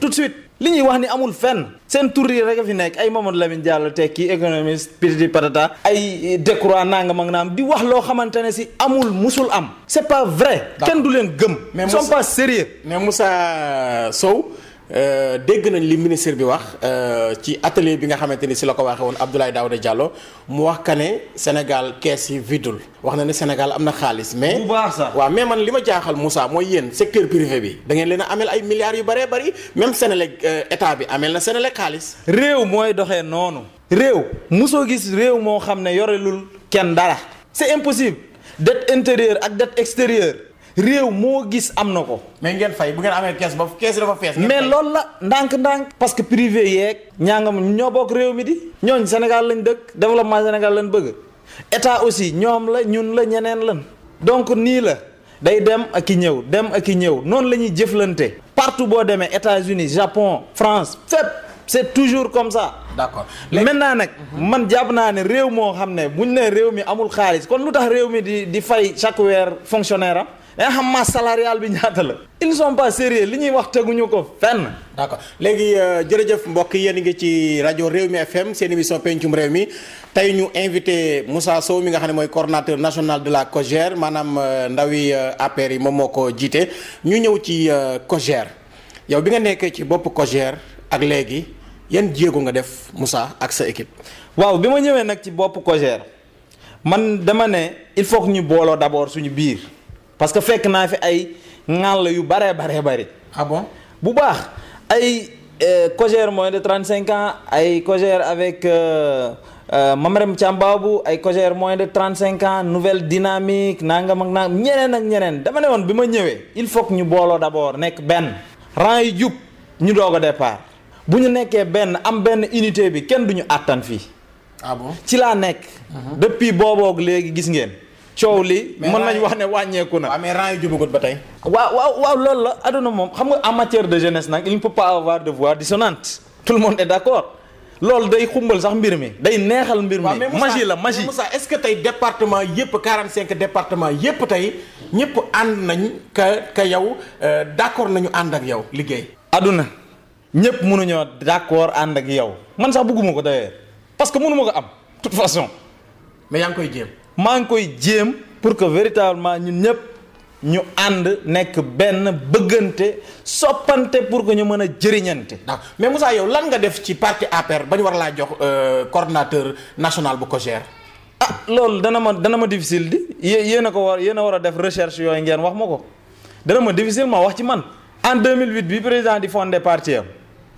tout de li ñuy wax ni amul fenn seen tur rek a fi nekk ay Mamadou Lamine Diallo tekki économiste pititi patata ay Decroix nangam ak naam di wax loo xamante ne si amul musul am c'est pas vrai kenn du leen gëm mais sont pas sérieux mais Moussa Sow Euh, dégg nañ li ministre bi wax euh, ci atelier bi nga xamante ni si la ko waxee woon Abdoulaye Daouda Diallo mu wax ka ne Sénégal kees yi vidul wax na ne Sénégal am na xaalis mais bu baax mais man li ma jaaxal Moussa mooy yéen secteur privé bi da ngeen leen a ameel ay milliards yu bëree bari même Sénélec euh, état bi amee na Sénélec xaalis. réew mooy doxe noonu. réew musoo gis réew moo xam ne yorelul kenn dara. c'est impossible dette intérieur ak dette extérieure. réew moo gis am na ko. mais ngeen fay bu ngeen amee kees ba kees dafa fees. mais loolu la ndànk-ndànk. parce que privé yeeg. ñaangam ñoo bokk réew mi di. ñooñ Sénégal lañ dëkk développement Sénégal lañ bëgg état aussi ñoom la ñun la ñeneen lan donc nii la day dem ak i ñëw dem ak i ñëw noonu la ñuy jëflante. partout boo demee États-Unis Japon France fépp c'est toujours comme ça. d'accord maintenant nag. Mhm. man jàpp naa ne réew moo xam ne ñu ne réew mi amul xaalis kon lu tax réew mi di di fay chaque weer fonctionnaire am da eh, xam masse salariale bi ñaata la ils sont pas sérieux li ñuy wax teguñu ko fenn. d'accord léegi euh, jërëjëf mbokk yéen ngi ci rajo réew mi FM seen émission pencum réew mi tey ñu invité Moussa Sow mi nga xam ne mooy coordonnateur national de la COJER maanaam euh, ndawi euh, APR yi moom moo ko jiite ñu ñëw ci COJER yow bi nga nekkee ci bopp COJER ak léegi yan jéego nga def Moussa ak sa équipe. waaw bi ma ñëwee nag ci bopp COJER man dama ne il faut que ñu booloo d'abord suñu biir. parce que fekk naa fi ay ŋàll yu baree baree bari. ah bu baax ay cogère moins de 35 ans ay cogère avec Mamarem Thiambabu ay cogère moins de 35 ans nouvelle dynamique nangam ak nangam ñeneen ak ñeneen dama ne woon bi ma ñëwee il faut que ñu booloo d'abord nekk benn rang yu jub ñu doog a départ bu ñu nekkee benn am benn unité bi kenn duñu àttan fii. ah ci laa nekk. Mhm. depuis booboo léegi gis ngeen. coow li mën nañ wax ne wàññeeku na. waaw mais rang yi jubagut ba tey. waaw waaw waaw loolu la aduna moom xam nga en matière de jeunesse nag il ne peut pas avoir de voix dissonante tout le monde est d'accord loolu day xumbal sax mbir mi day neexal mbir mi. magie la magie Moussa est-ce que tey département yépp 45 département yépp tey ñépp ànd nañ ka ka yow euh, d'accord nañu ànd ak yow liggéey. aduna ñépp mënuñoo d'accord ànd ak yow man sax bëgguma ko d'ailleurs parce que mënuma ko am toute façon. mais yaa ngi koy jéem. maa ngi koy jéem pour que véritablement ñun ñëpp ñu ànd nekk benn bëggante soppante pour que ñu mën a jëriñante. mais Moussa yow lan nga def ci parti APR ba ñu war laa jox euh, coordonnateur national bu COJER. ah loolu dana ma dana ma difficile di yé yéen a ko war yéen a war a def recherche yooyu ngeen wax ma ko dana ma difficile moo wax ci man. en mille 2008 bi président di fondé parti am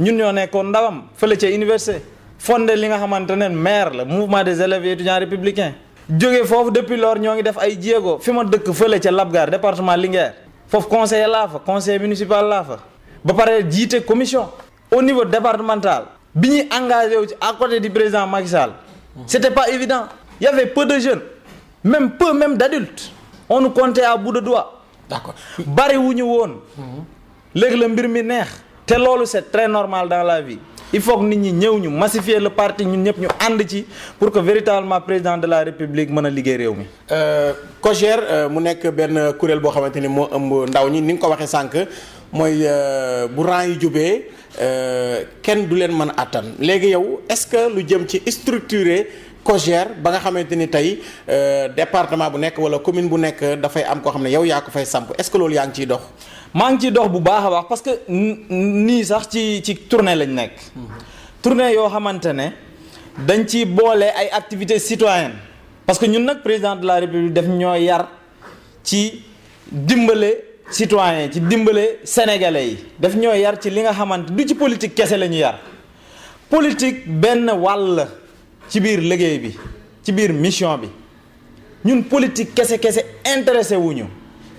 ñun ñoo nekkoon ndawam fële ca université fondé li nga xamante ne maire la mouvement des élèves et étudiants républicains. jóge foofu depuis lors ñoo ngi def ay jéego fi ma dëkk fële ca Labgar département Linguère foofu conseiller laa fa conseil municipal laa fa ba pare jiite commission au niveau départemental bi ñuy engagé wu ci à côté du président Macky Sall c'était pas évident il y peu de jeunes même peu même d'adultes on nous comptait à bout de doigts d'accord bari ñu woon léegi la mbir mi neex te loolu c'est très normal dans la vie il faut que nit ñi ñëw ñu massifier le parti ñun ñëpp ñu ànd ci pour que véritablement président de la république mën a liggéey réew mi. Euh, COJER euh, mu nekk benn kuréel boo xamante ni moo ëmb ndaw ñi ni nga ko waxee sànq mooy euh, bu rang yi jubee kenn du leen mën a àttan léegi yow est-ce que lu jëm ci structurer. cogère ba nga xamante ni tey euh, département bu nekk wala commune bu nekk dafay am koo xam ne yow yaa ko fay samp est-ce que loolu yaa ngi ciy dox. maa ngi ciy dox bu baax a baax parce nii sax ci ci tournée lañu nekk. tournée yoo xamante ne dañ ci boole ay activités citoyennes parce que ñun nag président de la république def ñoo yar ci dimbale. citoyen ci dimbale sénégalais yi daf ñoo yar ci li nga xamante du ci politique kese la yar politique benn wàll ci biir liggéey bi ci biir mission bi ñun politique kese kese intéressé wuñu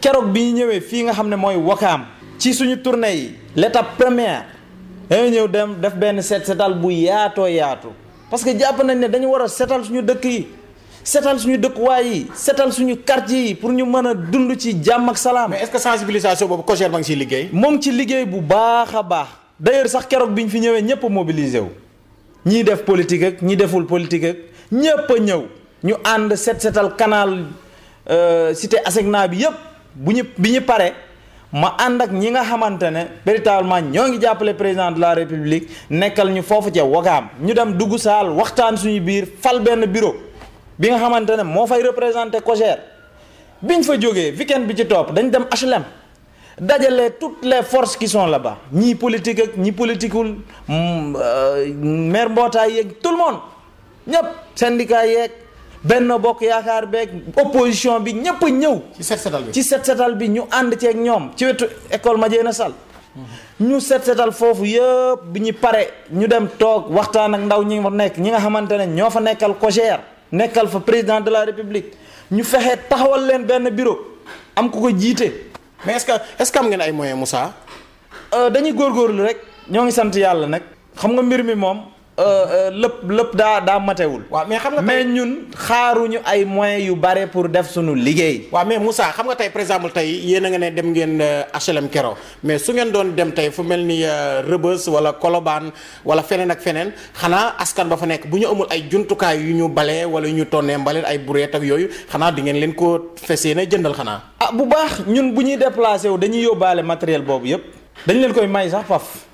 keroog bi ñu ñëwee fii nga xam ne mooy wakaam ci suñu tournée yi l'étape première dañoo ñëw dem def benn set setal bu yaatoo yaatu parce que jàpp nañ ne dañu war a setal suñu dëkk yi setal suñu dëkkuwaay yi setal suñu quartier yi pour ñu mën a dund ci jàmm ak salaam. mais est-ce que sensibilisation boobu COJER ba ngi ciy liggéey. moom ci liggéey bu baax a baax d'ailleurs sax keroog bi ñu fi ñëwee ñëpp mobilisé wu. ñii def politique ak ñi deful politique ak ñépp ñëw ñu ànd set setal canal euh, cité Asecna bi yépp bu ñu bi ñu pare ma ànd ak ñi nga xamante ne véritablement ñoo ngi jàppale président de la république nekkal ñu foofu ca wakaam ñu dem dugg saal waxtaan suñu biir fal benn bureau bi nga xamante ne moo fay représenté COJER biñ fa jógee weekend bi ci topp dañu dem HLM. dajale toutes les forces qui sont là-bas ñii politique ak ñi politiqueul mm, euh, maire mbootaay yeeg tout le monde ñëpp syndicat yeeg benn bokk yaakaar beeg opposition bi ñëpp ñëw. ci set setal bi ci set setal bi ñu ànd ceeg ñoom ci wetu école ma na sal ñu set setal foofu yëpp bi ñu pare ñu dem toog waxtaan ak ndaw ñi fa nekk ñi nga xamante ne ñoo fa nekkal COJER nekkal fa président de la république ñu fexe taxawal leen benn bureau am ku ko jiite. mais est-ce que est-ce que am ngeen ay moyens Moussa. Euh, dañuy rek ñoo ngi sant yàlla nag xam nga mbir mi moom. Euh, euh, lépp lépp daa daa matewul. waa mais xam nga mais ñun xaaruñu ay moyens yu bare pour def suñu liggéey. waa mais Moussa xam nga tey par exemple tey yéen a nga ne dem ngeen HLM euh, H&M Kero mais su ngeen doon dem tey fu mel ni Rebeuss wala Colobane wala feneen ak feneen xanaa askan ba fa nekk bu ñu amul ay jumtukaay yu ñu balee wala yu ñu tonnee mbalit ay brouette ak yooyu xanaa di ngeen leen ko fesee na jëndal xanaa. ah bu baax ñun bu ñuy déplacé wu dañuy yóbbaale matériel boobu yëpp dañ leen koy may sax faf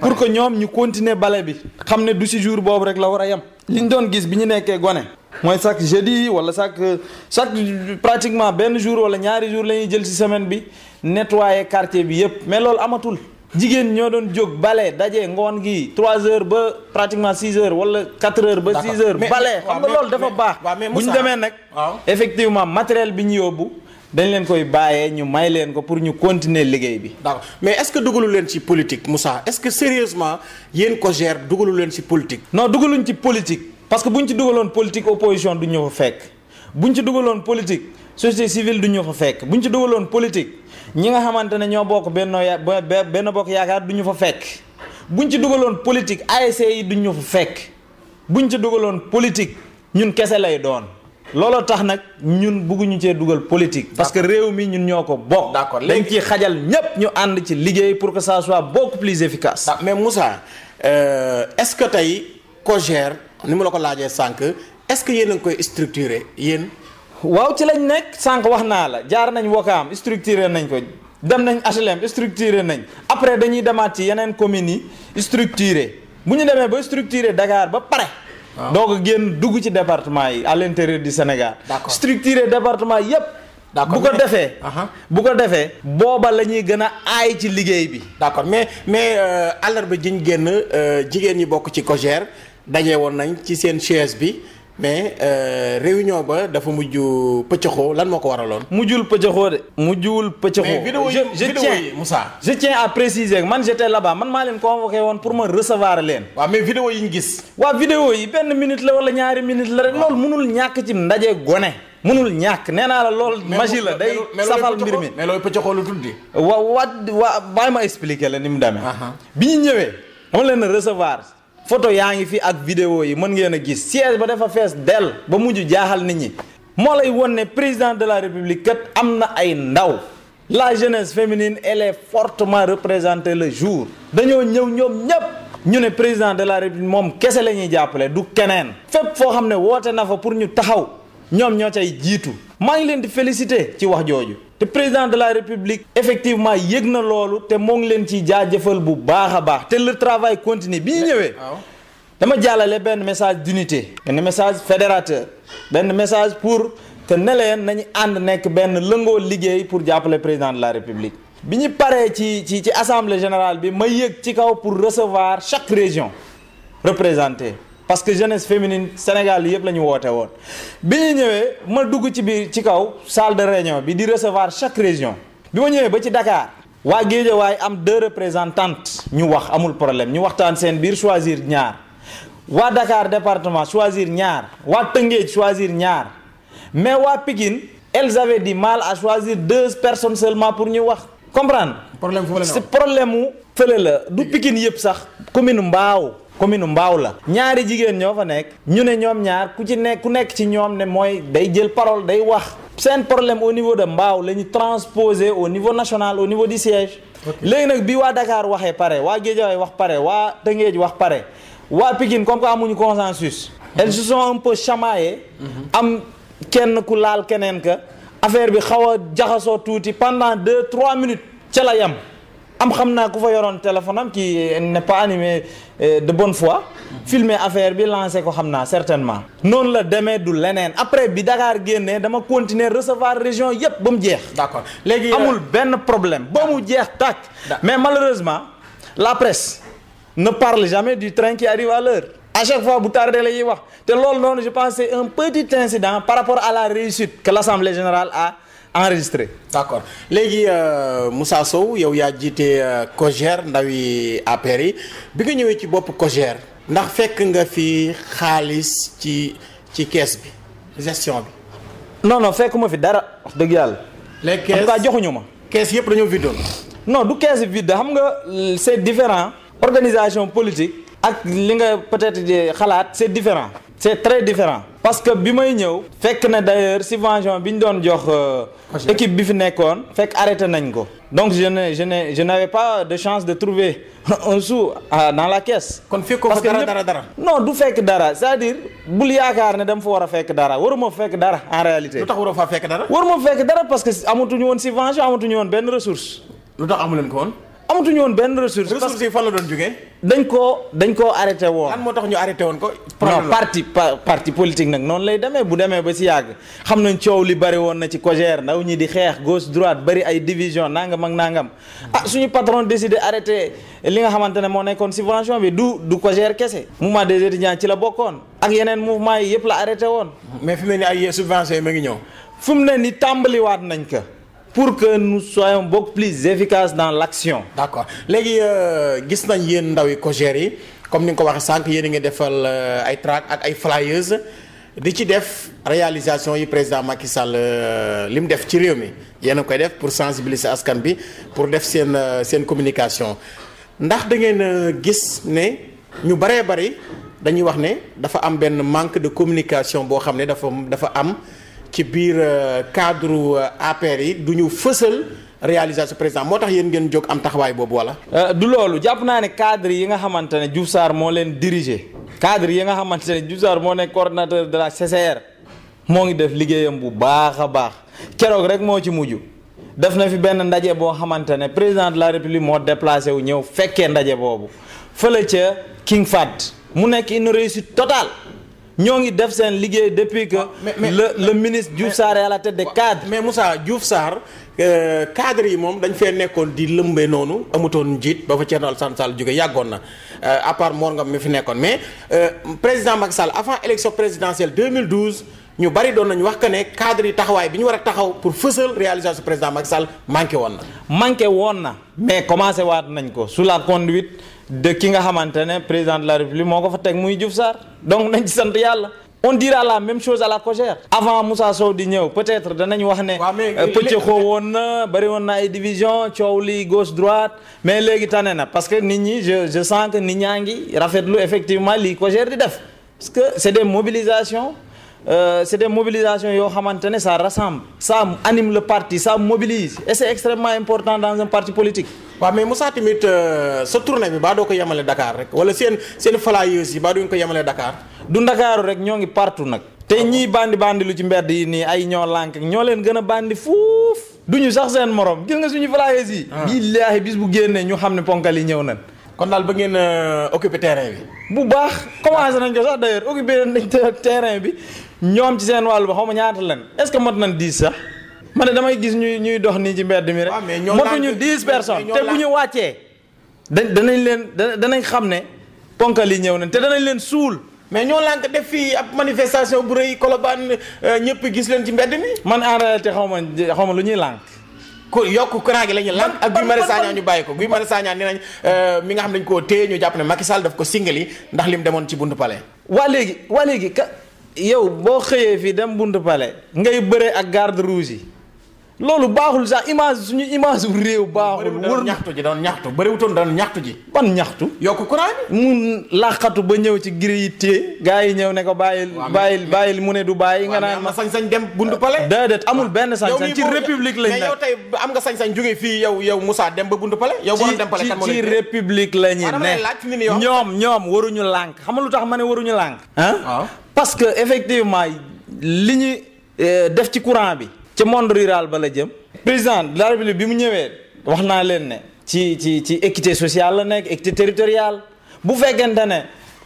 pour que ñoom ñu continuer bale bi xam ne du si jour boobu rek la war a yem li ñu doon gis bi ñu nekkee gone mooy chaque jeudi wala chaque chaque pratiquement benn jour wala ñaari jour la ñuy jël si semaine bi nettoyer quartier bi yépp mais loolu amatul jigéen ñoo doon jóg bale daje ngoon gi trois heures ba pratiquement 6 heures wala 4 heures ba 6 heures bale xam nga loolu dafa baax bu ñu demee nag effectivement matériel bi ñu yóbbu dañ leen koy bàyyee ñu may leen ko pour ñu continuer liggéey bi. d'accord mais est-ce que dugalu leen ci politique musa est-ce que sérieusement yéen ko gère dugalu leen ci politique. non dugaluñ ci politique parce que buñ ci dugaloon politique opposition du ñu fa fekk buñ ci dugaloon politique société du ñu fa fekk buñ ci dugaloon politique ñi nga xamante ne ñoo bokk benn ya benn bokk yaakaar du ñu fa fekk bu buñ ci dugaloon politique ASC e yi du ñu fa fekk buñ ci dugaloon politique ñun kese lay doon. looloo tax nag ñun bugguñu cee dugal politique. parce que réew mi ñun ñoo ko bokk. d'accord dañ ciy xajal ñépp ñu ànd ci liggéey pour que ça soit beaucoup plus efficace. Ah, mais Moussa euh, est-ce que tey COJER ni mu la ko laajee sànq est-ce que yéen a koy structuré yéen. waaw ci lañ nekk sànq wax naa la jaar nañ Wakaam structuré nañ ko. dem nañ HLM structuré nañ après dañuy demaat ci yeneen communes yi structuré bu ñu demee ba structuré Dakar ba pare. doog a génn dugg ci département yi à l'intérieur du Sénégal structuré département yépp bu ko defee uh-huh. bu ko defee booba la ñuy gën a aay ci liggéey bi d'accord mais mais euh, àllarba jiñ génn euh, jigéen ñi bokk ci COJER daje woon nañ ci seen chaise bi mais euh, réunion ba dafa mujj pëccëxoo lan moo ko waraloon. mujjul pëccëxoo de. mujjul pëccëxoo. mais vidéo yi je tiens Moussa. je tiens à préciser man j'étais là man maa leen convoqué woon pour ma recevoir leen. waaw mais vidéo yi ñu gis. waaw vidéo yi benn minute la wala ñaari minute la rek. loolu mënul ñàkk ci ndaje gone. mënul ñàkk nee naa la lool. magie la day safal mbir mi mais looy pëccëxoo lu tuddi. wa wa wa bàyyi ma expliquer leen ni mu demee. bi ñu ñëwee. dama leen recevoir. photo yaa ngi fi ak vidéo yi mën ngeen a gis siège ba dafa fees dell ba mujj jaaxal nit ñi moo lay won ne président de la république kat am na ay ndaw la jeunesse féminine elle est fortement représentée le jour dañoo ñëw ñoom ñépp ñu ne président de la république moom kese la ñuy jàppale du keneen fépp foo xam ne woote na fa pour ñu taxaw ñoom ñoo cay jiitu maa ngi leen di félicité ci wax jooju te président de la république effectivement yëg na loolu te moo ngi leen ciy jaajëfal bu baax a baax te le travail continue bi ñu ñëwee. dama jàllale benn message d'unité benn message fédérateur benn message pour que neleen nañu ànd nekk benn lëngoo liggéey pour jàppale président de la république. bi ñu paree ci ci ci assemblée générale bi ma yëg ci kaw pour recevoir chaque région représentée. parce que jeunesse féminine Sénégal yëpp la ñu woote woon bi ñu ñëwee ma dugg ci biir ci kaw salle de réunion bi di recevoir chaque région bi ma ñëwee ba ci Dakar waa waaye am deux représentantes ñu wax amul problème ñu waxtaan seen biir choisir ñaar waa dakaar département choisir ñaar waa Tëngéej choisir ñaar mais waa Pikine elles avaient du mal a choisir deux personnes seulement pour ñu wax comprendre. problème fële problème mu fële la du Pikine yëpp sax commune Mbao. commune Mbao la ñaari jigéen ñoo fa nekk ñu ne ñoom ñaar ku ci nekk ku nekk ci ñoom ne mooy day jël parole day wax seen problème au niveau de mbaaw la ñu transposé au niveau national au niveau du siège léegi nag bi waa Dakar waxee pare waa Guédiawaye wax pare waa Tëngéej wax pare waa Pikine comme que amuñu consensus elles se sont un peu chamaillées mhm. am kenn ku laal keneen ka affaire bi xaw a jaxasoo tuuti pendant deux trois minutes ca la yem am xam naa ku fa yoroon téléphone am qui euh, n'est pas animé euh, de bonne foi filmer affaire bi lancé ko xam naa certainement noonu la demee du leneen après bi Dakar génnee dama continuer recevoir région yépp ba mu jeex d'accord léegi euh, amul benn problème ba mu jeex tàkk mais malheureusement la presse ne parle jamais du train qui arrive à l'heure à chaque fois bu tardé la ñuy wax te loolu noonu je pense c'est un petit incident par rapport à la réussite que l'Assemblée générale a enregistré. d' accord léegi euh, Moussa Sow yow yaa jiite euh, COJER ndawi APR yi bi nga ñëwee ci bopp COJER ndax fekk nga fi xaalis ci ci kees bi gestion bi. non non fekkuma fi dara wax dëgg yàlla. les caisses en joxuñu ma. kees yëpp dañoo viddoon. non du kees vide xam nga c' est différent. organisation politique. ak li nga peut-être xalaat c' est différent. c'est très différent parce que bi may ñëw fekk na d'ailleurs subvention bi ñu doon jox euh, équipe bi fi nekkoon fekk arrêté nañ ko donc je n'ai je n'ai je pas de chance de trouver un sou dans la caisse. kon fekkoo fa dara dara dara non du fekk dara c'est-à-dire bul yaakaar ne dama fa war a fekk dara waruma fekk dara en réalité. lu tax waroo faa fekk dara. waruma fekk dara parce que amatuñu woon subvention amatuñu woon benn ressource. lu tax amu leen ko amatuñu woon benn ressource. ressource yi fan la doon jógee. dañ koo dañ koo arrêté woon. lan tax ñu arrêté woon ko. non parti parti politique nag noonu lay demee bu demee ba si yàgg xam nañ coow li bari woon na ci COJER ndaw ñi di xeex gauche droite bari ay division nangam ak nangam. ah suñu patron décidé arrêté li nga xamante ne moo nekkoon subvention bi du du COJER kese. mu mouvement des étudiants ci la bokkoon ak yeneen mouvement yi yëpp la arrêté woon. mais fu mu ne nii ay subventions yi ngi ñëw. fu mu ne nii tàmbaliwaat nañ ko. pour que nous soyons beaucoup plus efficaces dans l'action. d'accord léegi euh, gis nañ yéen ndaw yi COJER yi comme ni nga ko waxee sànq yéen a ngi defal euh, ay tracts ak ay flyers di ci def réalisation yi président Macky Sall euh, li mu def ci réew mi yéen a koy def pour sensibiliser askan bi pour def seen seen communication ndax da ngeen gis ne ñu baree bari dañuy wax ne dafa am benn manque de communication boo xam ne dafa dafa am. ci biir euh, cadre euh, APR yi du ñu fësal réalisation président moo tax yéen ngeen jóg am taxawaay boobu wala. Euh, du loolu jàpp naa ne cadre yi nga xamante ne Diouf moo leen diriger cadre yi nga xamante ne Diouf moo nekk coordonnateur de la CCR moo ngi def liggéeyam bu baax a baax keroog rek moo ci mujj. def na fi benn ndaje boo xamante ne président de la république moo déplacé wu ñëw fekkee ndaje boobu fële ca King Fahd mu nekk une réussite totale ñoo ngi def seen liggéey depuis que. Mais, mais, le le ministre Diouf Sarr est à la tête des cadres. mais Moussa Diouf Sarr euh, cadre yi moom dañ fee nekkoon di lëmbe noonu amutoon njiit ba fa Thierno Alassane Sall jóge yàggoon na euh, à part nga Ngom fi nekkoon mais euh, président Macky Sall avant élection présidentielle 2012. ñu bari doon nañu wax que ne cadre yi taxawaay bi ñu war a taxaw pour fësal réalisation président Macky Sall manqué woon na. manqué woon na mais commencé waat nañ ko su la conduite. de ki nga xamante ne président de la république moo ko fa teg muy Diouf Sarr donc nañ ci sant yàlla. on dira la même chose à la COJER. avant Moussa Sow di ñëw peut-être danañ wax ne. Euh, pëcc xoo woon na bëri na ay division coow lii gauche droite mais léegi tane na parce que nit ñi je je nit ñaa ngi rafetlu effectivement lii COJER di def parce que c'est des mobilisations. Euh, c'est des mobilisations yoo xamante ne ça sam ça anime le parti ça mobilise et c'est extrêmement important dans un parti politique waaw mais Moussa tamit euh, sa tournée bi baa doo ko yemale Dakar rek wala seen seen flyers yi baa duñ ko yemale dakaar du Ndakaaru rek ñoo ngi partout nag te ñii bandi bandi lu ci mbedd yi nii ay ñoo lànk ñoo leen gën a bandi fuuf ñu sax seen moroom gis nga suñu flyers yi ah. billaahi bis bu génnee ñu xam ne ponkal yi ñëw nañ kon daal ba ngeen euh, occupé terrain bi. bu baax commencé nañ ko sax d'ailleurs occupé nañ terrain bi ñoom ci seen wàllu ba xaw ma ñaata lan est-ce que mot nañ diis sax ma ne damay gis ñuy ñuy dox nii ci mbedd mi rek. motuñu dix personnes te bu ñu wàccee. dañ danañ leen danañ xam ne ponkal yi ñëw nañ te danañ leen suul. mais ñoo lànk def fii ab manifestation bu rëy Colobane euh, ñëpp gis leen ci mbedd mi. man en réalité xaw ma xaw ma lu ñuy lànk. ko yokk courant gi la ñu lan ak Guy Marius Sagna ñu bàyyi ko Guy Marius Sagna nee nañ euh, mi nga xam dañ koo téye ñu jàpp ne Macky Sall daf ko singali ndax lim demoon ci buntu palais waa léegi waa léegi ka yow boo xëyee fii dem buntu palais ngay bëree ak garde rouge yi loolu baaxul sax image suñu image bu réew baaxul. wër ñaxtu ji doon ñaxtu bëriwutoon doon ñaxtu ji. ban ñaxtu. yokk courant bi. mun laqatu ba ñëw ci giri yi téye. gars yi ñëw ne ko bàyyil. bàyyil bàyyil mu ne du bàyyi. nga naan ma sañ-sañ dem buntu pale. déedéet benn sañ-sañ ci république lañ nekk mais yow am nga sañ-sañ jógee fii yow yow musaa dem ba buntu pale. yow borom dem pale kan moo ci république la ñu ne ñoom ñoom waruñu lànk xam lu tax ma ne waruñu lànk. parce que effectivement li ñu eh, def ci courant bi ci monde rural ba la jëm président de la république bi mu ñëwee wax naa leen ne ci ci ci équité sociale la nekk équité territoriale bu fekkente ne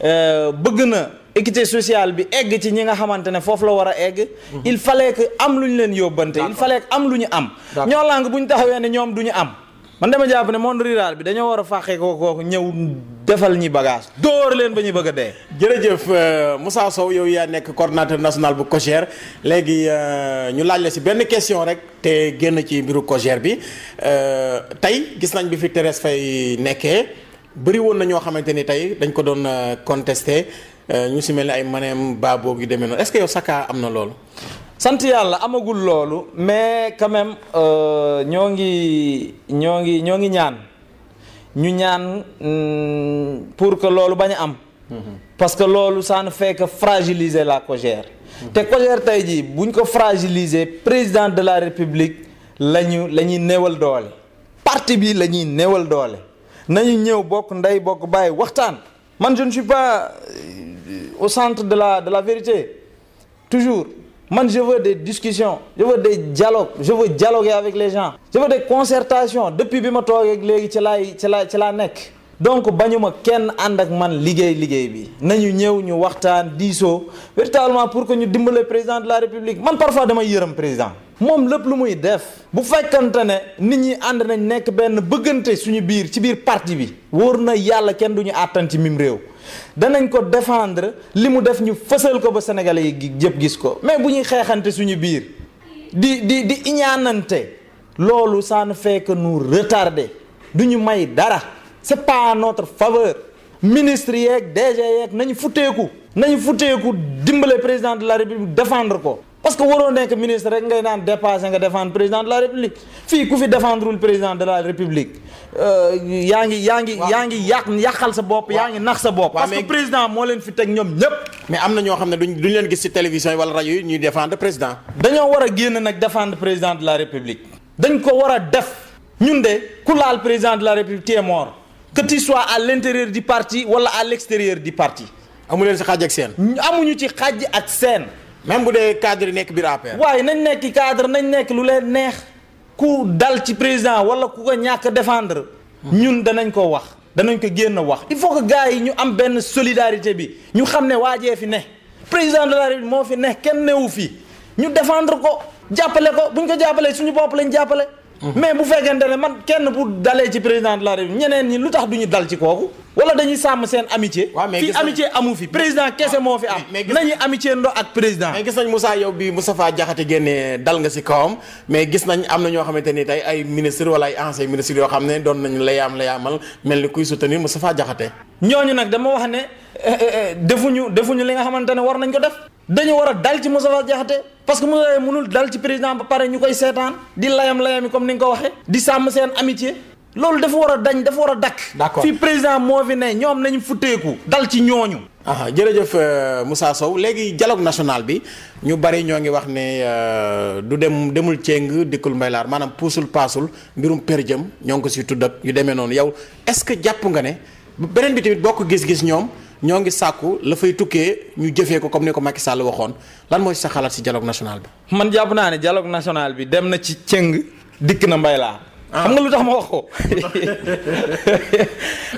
euh, bëgg na équité sociale bi egg ci ñi nga xamante ne foofu la war a egg mhm. il fallait am lu ñu leen yóbbante il fallait que am lu ñu am ñoo làng bu ñu taxawee ne ñoom du ñu am man dama jàpp ne monde rural bi dañoo war a fàqee ko kooku ñëw defal ñi bagage dóor leen ba ñu bëgg a dee. jërëjëf euh, Moussa Sow yow yaa nekk coordonnateur national bu COJER léegi euh, ñu laaj la si benn question rek te génn ci mbiru COJER bi euh, tey gis nañ bi fi Thérèse Faye nekkee bëri woon na ñoo xamante ni tey dañ ko doon contesté ñu si mel ni ay maneem baaboo gi demee noonu est-ce que yow Saka am na loolu. sant yàlla amagul loolu mais quand même euh, ñoo ngi ñoo ngi ñoo ngi ñaan ñu ñaan mm, pour que loolu bañ am. parce que loolu ça ne fragiliser la COJER. te COJER tey jii buñ ko fragiliser président de la république la ñu la ñuy néewal doole. parti bi la ñuy néewal doole nañu ñëw bokk ndey bokk bàyyi waxtaan man je ne pas euh, au centre de la de la vérité toujours. man je veux des discussions je veux des dialogues je veux dialoguer avec les gens je veux de concertations depuis bi ma toogee léegi ci laay ci laa ci laa nekk donc bañuma kenn ànd ak man liggéey liggéey bi nañu ñëw ñu waxtaan diisoo véritablement pour que ñu dimbale président de la république man parfois damay yërëm président moom lépp lu muy def bu fekkante ne nit ñi ànd nañ nekk benn bëggante suñu biir ci biir partie bi wóor na yàlla kenn du ñu àttan ci mim réew danañ ko défendre li mu def ñu fësal ko ba sénégalais yi jëpp gis ko mais bu ñuy xeexante suñu biir di di di iñaanante loolu ça ne fait que du ñu may dara c'est pas en notre faveur ministre yeeg DG yeeg nañu futteeku nañu futteeku dimbale président de la république défendre ko parce que waroo nekk ministre rek ngay naan dépassé nga défendre président de la république fii ku fi défendrewul président de la république euh, yaa ngi yaa ngi yaa ngi yàq yàqal sa bopp yaa ngi nax sa bopp parce que président moo leen fi teg ñoom ñépp mais am na ñoo xam ne duñ duñ leen gis ci télévision yi wala rajo yi ñuy défendre président dañoo war a génn nag défendre président de la république dañ ko war a def ñun de ku laal président de la république t'es mort que tu sois à l'intérieur du parti wala à l'extérieur parti amu leen ci xaaj ak seen amuñu ci xaaj ak seen même bu dee cadre yi nekk biir APR. waaye nañ nekk cadre nañ nekk lu leen neex ku dal ci président wala ku ko ñàkk défendre. ñun danañ ko wax danañ ko génn wax. il faut que gars yi ñu am benn solidarité bi ñu xam ne waajee fi ne président de la moo fi ne kenn newu fii ñu défendre ko jàppale ko bu ñu ko jàppalee suñu bopp lañ jàppale. Mm-hmm. mais bu fekkente ne man kenn bu dalee ci président de la République ñeneen ñi lu tax duñu dal ci kooku. wala dañuy sàmm seen amitié. waaw mais fii amitié amu fi président kese moo fi am. nañu amitié ndo ak président. mais gis nañ Moussa yow bi Moustapha Diakhaté génnee dal nga si kawam mais gis nañ am na ñoo xamante ni tey ay ministre wala ay ancien ministre yoo xam ne doon nañu layaam layaamal mel ni kuy soutenir faa Diakhaté. ñooñu nag dama wax ne eh, eh, eh, defuñu defuñu li nga xamante ne war nañ ko def. dañu war a dal ci Moustapha Diakhaté parce que Moustapha mënul dal ci président ba pare ñu koy seetaan di layam-layami comme ni nga ko waxee di sàmm seen amitié loolu dafa war a dañ dafa war a dakk d'accord fii président moo fi ne ñoom nañu futteeku dal ci ñooñu ah jërëjëf euh, Moussa Sow léegi dialogue national bi ñu bari ñoo ngi wax ne euh, du dem demul ceng dikkul mbaylaar maanaam puusul paasul mbirum per jëm ñoo ngi ko si tudd yu demee noonu yow est-ce que jàpp nga ne beneen bi tamit bokk gis-gis ñoom ñoo ngi sàkku la fay tukkee ñu jëfee ko comme ni ko Macky Sall waxoon lan mooy sa xalaat si dialogue national bi. man jàpp naa ne dialogue national bi dem na ci cëng dikk na mbay laa. Ah. xam nga lu tax ma wax ko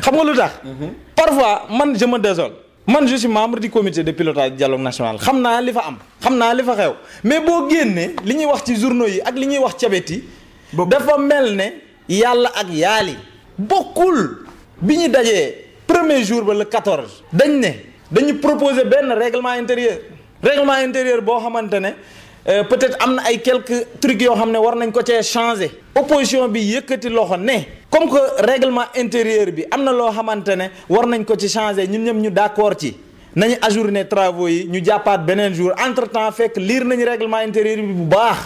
xam nga lu tax. Mhm. parfois man je me désole. man je suis membre du comité de pilotage dialogue nationale xam naa li fa am. xam naa li fa xew mais boo génnee li ñuy wax ci journaux yi ak li ñuy wax cabet yi. dafa mel ne yàlla ak yaali bokkul ñu dajee. premier jour ba le 14 dañ ne dañu proposer benn réglement intérieur réglement intérieur boo xamante ne euh, peut-être am na ay quelque trucs yoo xam ne war nañ ko cee changer opposition bi yëkkati loxo ne comme que réglement intérieur bi am na loo xamante ne war nañ ko ci changer ñun ñëpp ñu d'accord ci nañu ne travaux yi ñu jàppaat beneen jour entre-temps fekk liir nañu règlement intérieur bi bu baax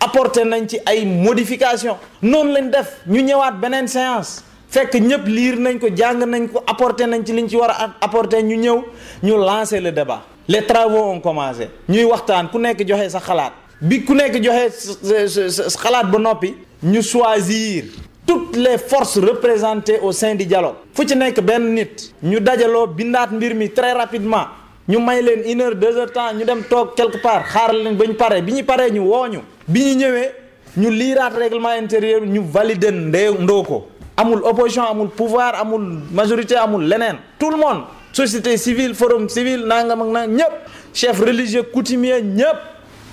apporter nañ ci ay modifications noonu lañ def ñu ñëwaat beneen séance fekk ñëpp liir nañ ko jàng nañ ko apporter nañ ci liñ ci war a apporter ñu ñëw ñu lancer le débat les travaux commencé ñuy waxtaan ku nekk joxe sa xalaat bi ku nekk joxe xalaat ba noppi ñu choisir toutes les forces représentées au sein di dialogue fu ci nekk benn nit ñu dajaloo bindaat mbir mi très rapidement ñu may leen une heure deux heures temps ñu dem toog quelque part xaaral leen ba ñu paree bi ñu paree ñu wooñu bi ñu ñëwee ñu liiraat règlement intérieur ñu valider ndee ndoo ko amul opposition amul pouvoir amul majorité amul leneen tout le monde société civile forum civil nangam ak naa ñëpp chef religieux coutumier ñëpp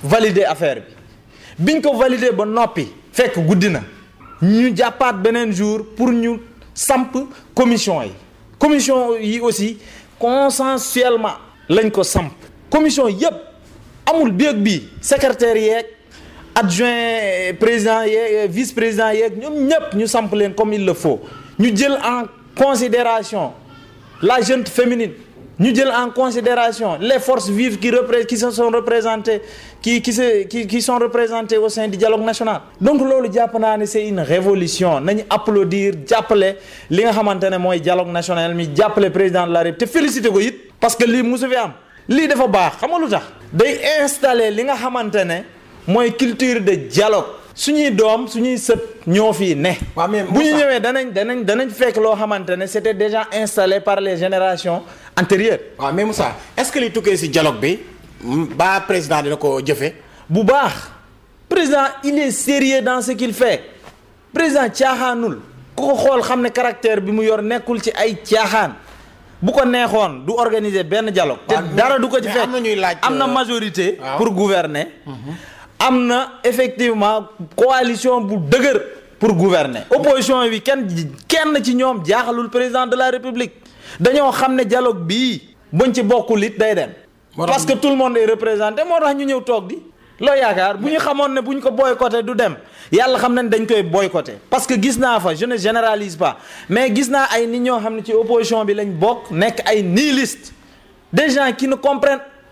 valider affaire bi biñ ko valider ba noppi fekk guddi na ñu jàppaat beneen jour pour ñu samp commission yi commission yi aussi consensuellement lañ ko samp commission yëpp amul béeg bi secrétaire yeeg adjoint président ye vice président yeeg euh, ñoom ñëpp ñu samp leen comme il le faut ñu jël en considération la jeune féminine ñu jël en considération les force vives qui repré qui se sont représentées qui qui se qui qui sont représentées au sein du dialogue national. donc loolu jàpp naa ne c'est une révolution nañu applaudir jàppale li nga xamante ne mooy dialogue national mi jàppale président de la République te félicité ko it. parce que li musu fi am lii dafa baax xam nga lu li nga xamante ne. mooy culture de dialogue suñuy doom su ñuy sët ñoo fii ne bu ñu ñëwee danañ danañ danañ fekk loo xamante ne c'était déjà installé par les générations antérieures waaw mais Moussa est-ce que li tukkee ci dialogue bi baa président dina ko jëfe bu baax président il est sérieux dans ce qu'il fait président caaxaanul ku ko xool xam ne caractère bi mu yor nekkul ci ay caaxaan bu ko neexoon du organiser benn dialogue te dara du ko ci fekk am na euh, majorité pour gouverner mhm. am na effectivement coalition bu dëgër pour gouverner opposition bi kenn kenn ci ñoom jaaxalul président de la république dañoo xam ne dialogue bii buñ ci bokkul it day dem. parce que tout le monde est représenté moo tax ñu ñëw toog di. loo yaakaar bu ñu xamoon ne bu ñu ko boycotté du dem yàlla xam na nañ dañ koy boycotté parce que gis naa fa je ne généralise pas mais gis naa ay nit ñoo xam ne ci opposition bi lañ bokk nekk ay nihiliste des gens qui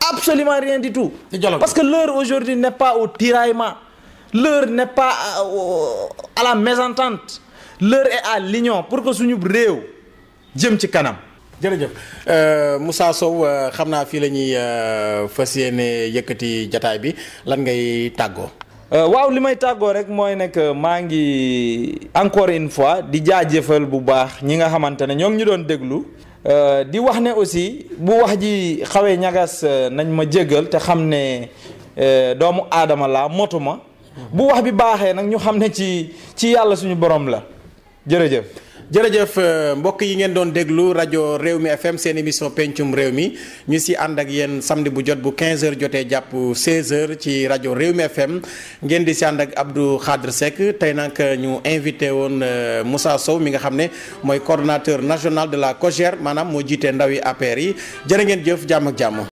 absolument rien du tout. Parce que leur aujourd'hui n'est pas au tiraillement, leur n'est pas à, euh, au, à la mésentente, l'heure est à l'union pour que suñu réew jëm ci kanam. jërëjëf euh, Moussa Sow euh, xam naa fii la ñuy fas yéene yëkkati jataay bi lan ngay tàggoo. waaw li may tàggoo rek mooy nekk maa ngi encore une fois di jaajëfal bu baax ñi nga xamante ne ñoo ngi ñu doon déglu. Euh, di wax ne aussi bu wax ji xawee ñagas euh, nañ ma jéggal te xam ne euh, doomu aadama laa motu ma bu wax bi baaxee nag ñu xam ne ci ci yàlla suñu borom la jërëjëf jërëjëf euh, mbokk yi ngeen doon déglu rajo réew mi FM seen émission pencum réew mi ñu si ànd ak yéen samedi bu jot bu 15h jotee jàpp 16h ci rajo réew mi FM ngeen di si ànd ak Abdou Khadre Seck tey nag euh, ñu invité woon euh, Moussa Sow mi nga xam ne mooy coordonnateur national de la COJER maanaam moo jiitee ndawi APR yi jërë ngeen jëf jàmm ak jàmm.